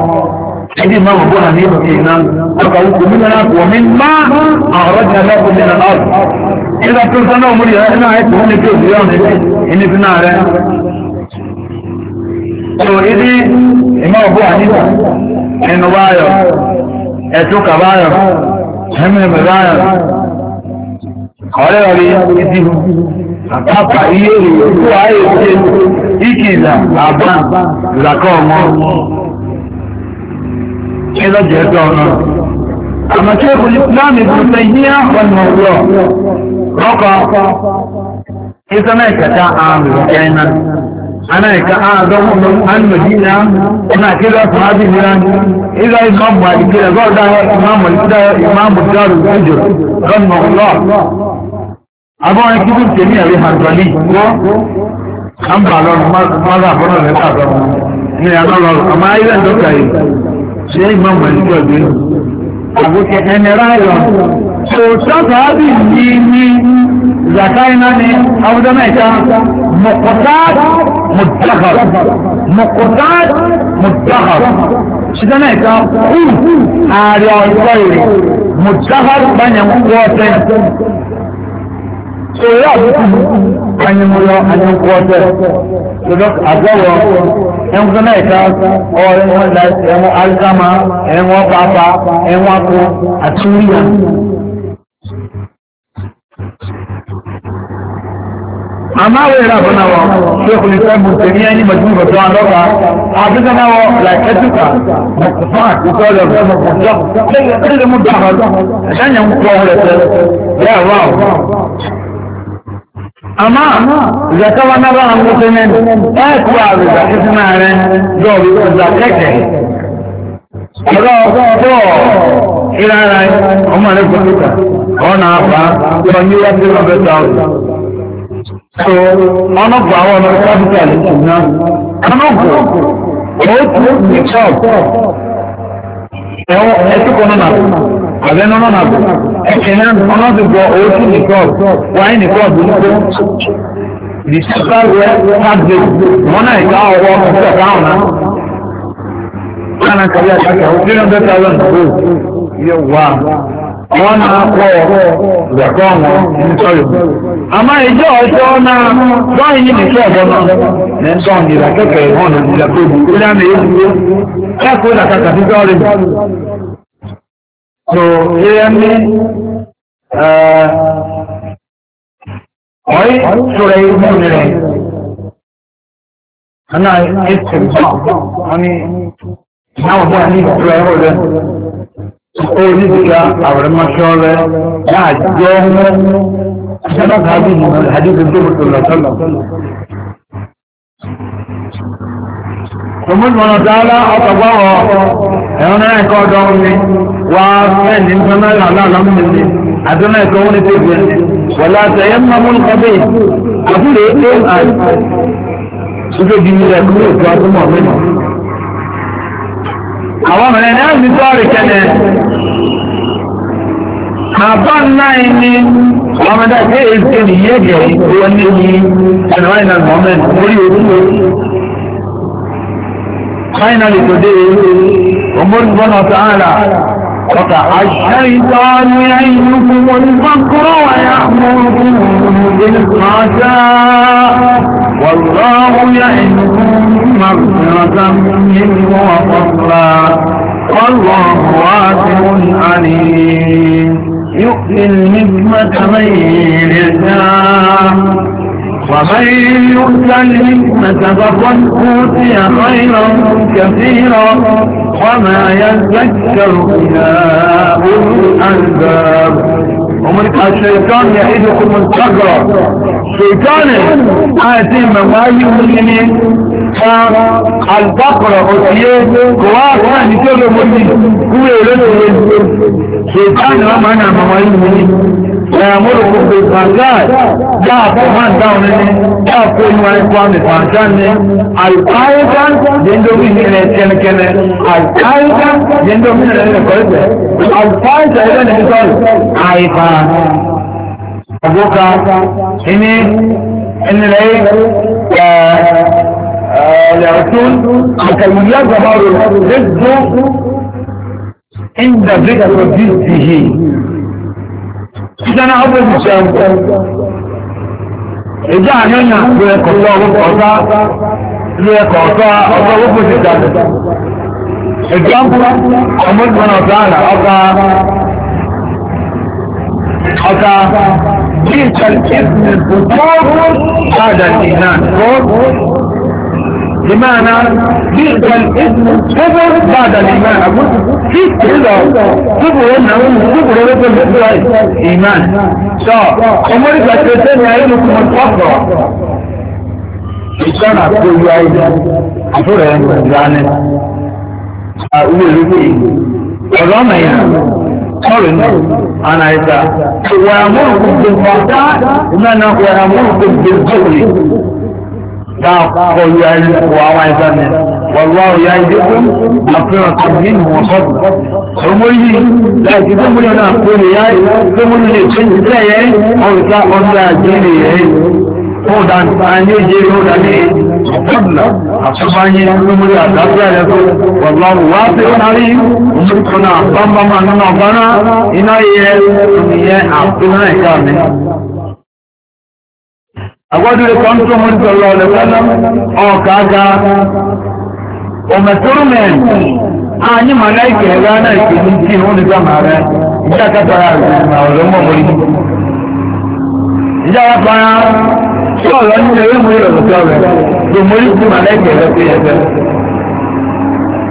ẹni máa wọ̀ bọ́nà ní ìlú ìná ọkọ̀ wọ́n mi máa àrọ́jà lọ́kùnrin náà ẹgbà tó sọ́nà òmúrí ọ̀rẹ́ náà ẹ̀kùn ní kí òbí ọ̀rẹ́ ní fi náà rẹ̀ ọ̀rọ̀ ìdí ìmọ̀ ọ̀bọ̀ àníbà ẹnu báyọ̀ ẹ̀tún kàbáyọ̀ ẹ̀mẹ̀mẹ̀ báyọ̀ ọ̀rẹ́ ọ̀rí ìdí àpapà iye ìlú ayé ṣe ìkìlà àbá ìlàkọ̀ ọmọ ẹlọ́jẹ̀ ẹ̀tọ́ ọ̀nà àmọ́ tí ó kò ní pláàmì bùrùtẹ̀ yíyá ọ̀nà ọ̀rọ̀ rọ́kọ̀ ita na aikata a rukena ana aika a zan hannun an madina ina kira su hafi nira ina imam maliki da zuwa dawa imam maliki da imam daru hujjar ran mahullah abuwa ya kibin temi a ri hankali to sahabi ni ni zakaina ne auda mai ta muqtad mudakhar muqtad mudakhar shi da mai ta ku ari on soire mudakhar banyan kuwata so ya bi banyan mu yo anyan kuwata to dok agawo alzama en wa papa en wa amma wai rafa nawa sai ku lissar mutane ya yi majmu ba tuwa roka a duka nawa laikacuka da kufa da tsoron da da da mutu a shan yan kuwa hulata ya wow amma zaka wani ba a mutanen ya kuwa da zaka suna ran zuwa zaka ke ọ̀rọ̀ ọ̀pọ̀ ìrara ọmọ rẹ̀ kò níta ọ̀nà àpá ọ̀nyíwájú ọ̀bẹ̀ta ọ̀rọ̀ so ọ̀nà gbọ́ àwọn ọmọ kápítà lè jù náà ọ̀nà gbọ́ ó tún ní chop ẹ̀wọ̀n ẹ̀túkọ̀ náà àbẹ́ náà náà bọ̀ ẹ̀kẹ́ náà ọ̀nà ti gbọ́ ó tún wáyé ní chop the central west parkville wọn náà ìka ọ̀sẹ̀ káwọn náà kánà kàbí àtàkà three hundred thousand gold yẹ wá wọ́n na kọ́ ìgbàkọ́ wọn nítorí wọn. àmá ìjọ ọjọ́ náà báyìí ní ìṣọ́ ọ̀bọ̀ náà ní ń sọ̀rọ̀ ìlà kẹ́kẹ́ wọn ní ìlà tó bù kúrẹ́ àmì èyí dúró kẹ́kọ̀ọ́ ìlà kàkà sí sọ́ọ̀rì mi. so eré ní ọ̀yí sọ̀rọ̀ ìlú rẹ̀ ana ètò ìgbà wọn ni náà wọ́n ní ìtura ẹ̀rọ rẹ̀ oríṣiríṣi àwọn ẹmọ́ṣọ́ rẹ̀ náà jẹ́ ṣẹ́lọ́kà àdíjì tó mú tó lọ́sọ́lọ́. Tòmúlù ọ̀nà dáadáa ọ̀tọ̀gbọ́wọ̀ ẹ̀rọ náà ẹ̀kọ́ ọ̀dọ́ omi wá ẹ̀ní ìfẹ́mẹ́lá aláàlámùmí àdúrà ẹ̀kọ́ orí tó gbé wọ̀lá àtẹ̀yẹ́ mọ́mú ń kọ́bí àbúrò èké àìsàn. Ṣé kí ni ẹ̀kọ́ ètò àtúmọ̀ mẹ́rin? àwọn ọmọ ẹni àmì sọ́ọ̀rì kẹ́lẹ̀ àbá ńlá ẹni ọmọdé pé èsì ni yé gẹ̀ ìwọ ní ní ẹ̀rọ ìlànà mọ́mẹ́n orí òkúrò finally today ọmọdé bọ́nà ọ̀tọ̀ ààrà قطع الشيطان يعينكم الفقر ويأمركم بالخشاء والله يعينكم مغفرة منه وفضلا والله واسع عليم يؤتي الحكمة من يشاء ومن يسلم فقد اوتي خيرا كثيرا وما يذكر إلا أولو الألباب ومن الشيطان يعيدكم الشجرة شيطان آتي مواي مسلمين البقرة أتيه قواقع نتيجة مسلمين هو يلد شيطان ومعنى مواي مسلمين ẹ̀yàmúrùkú pé fàǹgáì dáàbò máa dáhùn ní dáàbò ìwà ẹ̀kọ́ àmì fàǹgá ní àìkáyíká yẹndómi nílẹ̀ kẹ́nẹ́kẹ́nẹ́ àìkáyíká yẹndómi nílẹ̀ ẹ̀kọ́ ìgbẹ́ àìkáyíká ẹ̀rẹ́ ní sọ́ọ̀lù àìfà àgbóka ìní ẹnìlẹ̀ ẹ̀ẹ́dẹ̀ẹ̀tún àkàlùyà gbàmọ́rò lẹ́gbọ́n ìndàbíkà tó bí ìhì ìjọba ọgbẹ́ ìṣẹ́ ìjọ àyẹ̀yà ló ẹ̀kọ́ tó ọgbẹ́ ọ̀tá ló ẹ̀kọ́ ọ̀tá ọ̀tá ọgbẹ́ ìṣẹ́ ìjọba ìjọba ọmọ ìgbọ̀n ọ̀tá àlà بمعنى يقبل اسم كبر بعد الايمان اقول في كده كبر هنا كبر يقبل مثل ايمان شاء امور الكتاب يعلمكم الفقره ìtọ́nà tó yọ ayé àtúrò ẹ̀ ń gbani àwọn olùkọ́ yìí ọ̀rọ̀ mẹ́yà sọ̀rọ̀ ní àná ìta ìwà àmúrùkú gbogbo ọ̀dá ìmọ̀ náà ìwà àmúrùkú gbogbo ọ̀dá تعقل يعيدكم وعوائزنا والله يعيدكم مغفرة منه وفضل عمره لا تدم لنا أقول يا تدم للشيء سيء أو تعقل لا جيني هودان فاني جيرودان فضلا أصبحني أنهم لا تبالغ والله واسع عليم وملكنا ضمم أننا ضنا إنا إيه أمي عبدنا إكرامي agbadure kan tó mo sọlọ lẹfẹlẹ ọkàga ọmọtúrúmẹn anyi mọlẹkì ẹgbẹ náà ìkéde tí ìhun ní sọmọ rẹ ìjà kẹtọrọ àgbẹ náà ọlọ mọ mọ yìí ìjà wà fara tí ọlọ ní ẹwé mo yọ lọtọ rẹ tó mo yìí tí mọlẹkì ẹgbẹ tó yẹ fẹ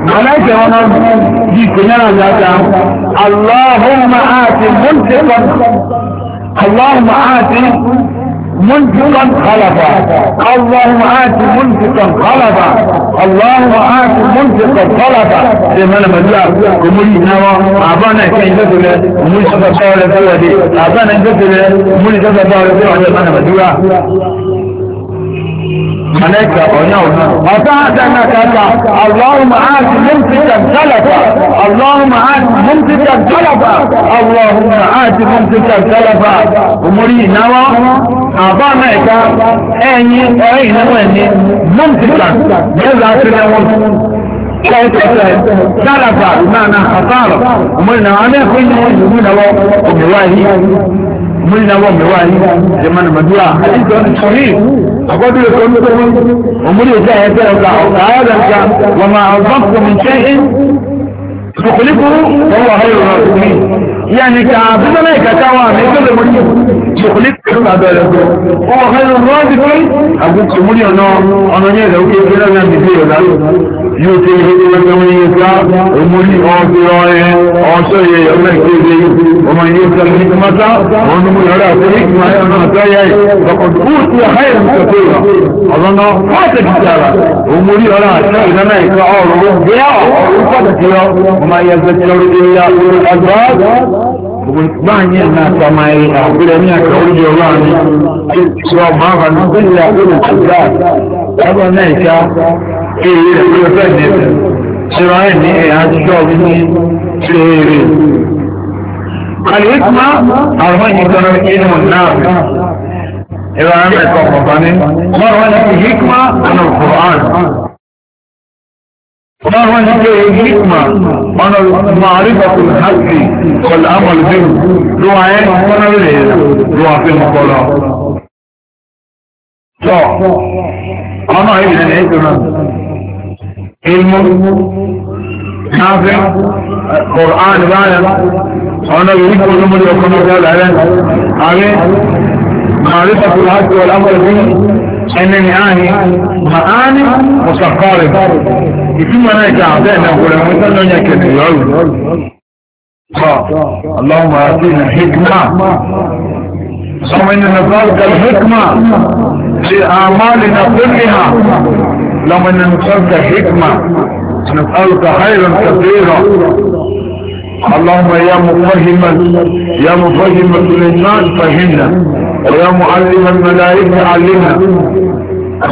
mọlẹkì wọn náà منفقا خلفا اللهم آت منفقا خلفا اللهم آت منفقا خلفا سيمانا مدعا كمولي نوا عبانا كاين دفل مولي سبا طاولة دوا دي عبانا دفل مولي سبا طاولة دوا دي عبانا مدعا malaika ọ̀nàwó ọ̀tá àdánà kàkà allahumma aati mumsika galaba allahumma aati mumsika galaba allahumma aati mumsika galaba omori ìnáwó àbá mẹ́ta ẹ̀yìn ọ̀rẹ́ ìnáwó ẹ̀ní mumsika mẹ́ta ti lẹ́wọ́n galaba ìmáàna àtàrà omori ìnáwó amẹ́kọ̀ọ́ ìnáwó ìnáwó òmìnira yìí omori ìnáwó òmìnira yìí jẹ́mánà màdúrà àdìsọ́ ìṣòrí أقول لكم أمري هذا تعالى وما أعظمت من شيء تخلقه فهو خير الراسمين يعني كعبدنا كتاوى من كل مريض يخلقكم عبادكم هو خير الرازقين أقول سمولي أنا أنا نيدا وكيف لا نعمل فيه يوتيه ومن يشاء ومولي أوصيه أوصيه الله يجزيه ومن يشاء الحكمة ونمو على الحكمة أنا أتايه فقد أوتي خيرا كثيرا أظن فاتك سارة ومولي على الشيء لنا إكراعه ومن يزكي إلا أولو الألباب báyìí ẹ̀ náà sọ máa yẹ àgbélẹ̀ ní àkà orí ọlọ́ àmì sọ máa fà ní pé ìyá àgbélẹ̀ tó dá ẹgbẹ́ náà ìka èrè rẹ̀ pé ọ̀fẹ́ ní ẹ̀fẹ́ ṣẹlẹ̀ ẹ̀ ní ẹ̀ ọ̀gbìn ní ṣe èrè. àlèkùnmá àwọn ìtọ́nà inú náà ìrọ̀rùn ẹ̀kọ́ kọ̀ọ̀kan ní wọ́n wọ́n ní hikma ọ̀nà kùrọ̀án. فهن الحكمة أنا معرفة الحق والعمل به دعاء أنا ليه دعاء في المقالة صح أنا هي من الحكمة علم نافع قرآن بعد أنا يريد كل من يكون هذا العلم معرفة الحق والعمل به انني ààrin màáni mọ̀sàkọ́rẹ̀ يتم náà ìjà àbẹ́ ẹ̀nà ọ̀gbọ̀rẹ̀ wọn tó اللهم اعطينا حكمة اللهم انا نسألك الحكمة في اعمالنا كلها لما انا نسألك حكمة نسألك خيرا كثيرا اللهم يا مفهما يا مفهما للناس فهمنا ويا معلم الملائكة علمنا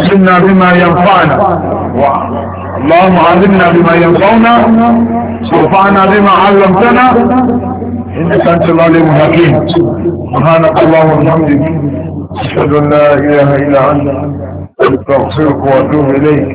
علمنا بما ينفعنا اللهم علمنا بما ينفعنا وانفعنا بما علمتنا انك انت العليم الحكيم سبحانك اللهم وبحمدك اشهد ان لا اله الا انت استغفرك واتوب اليك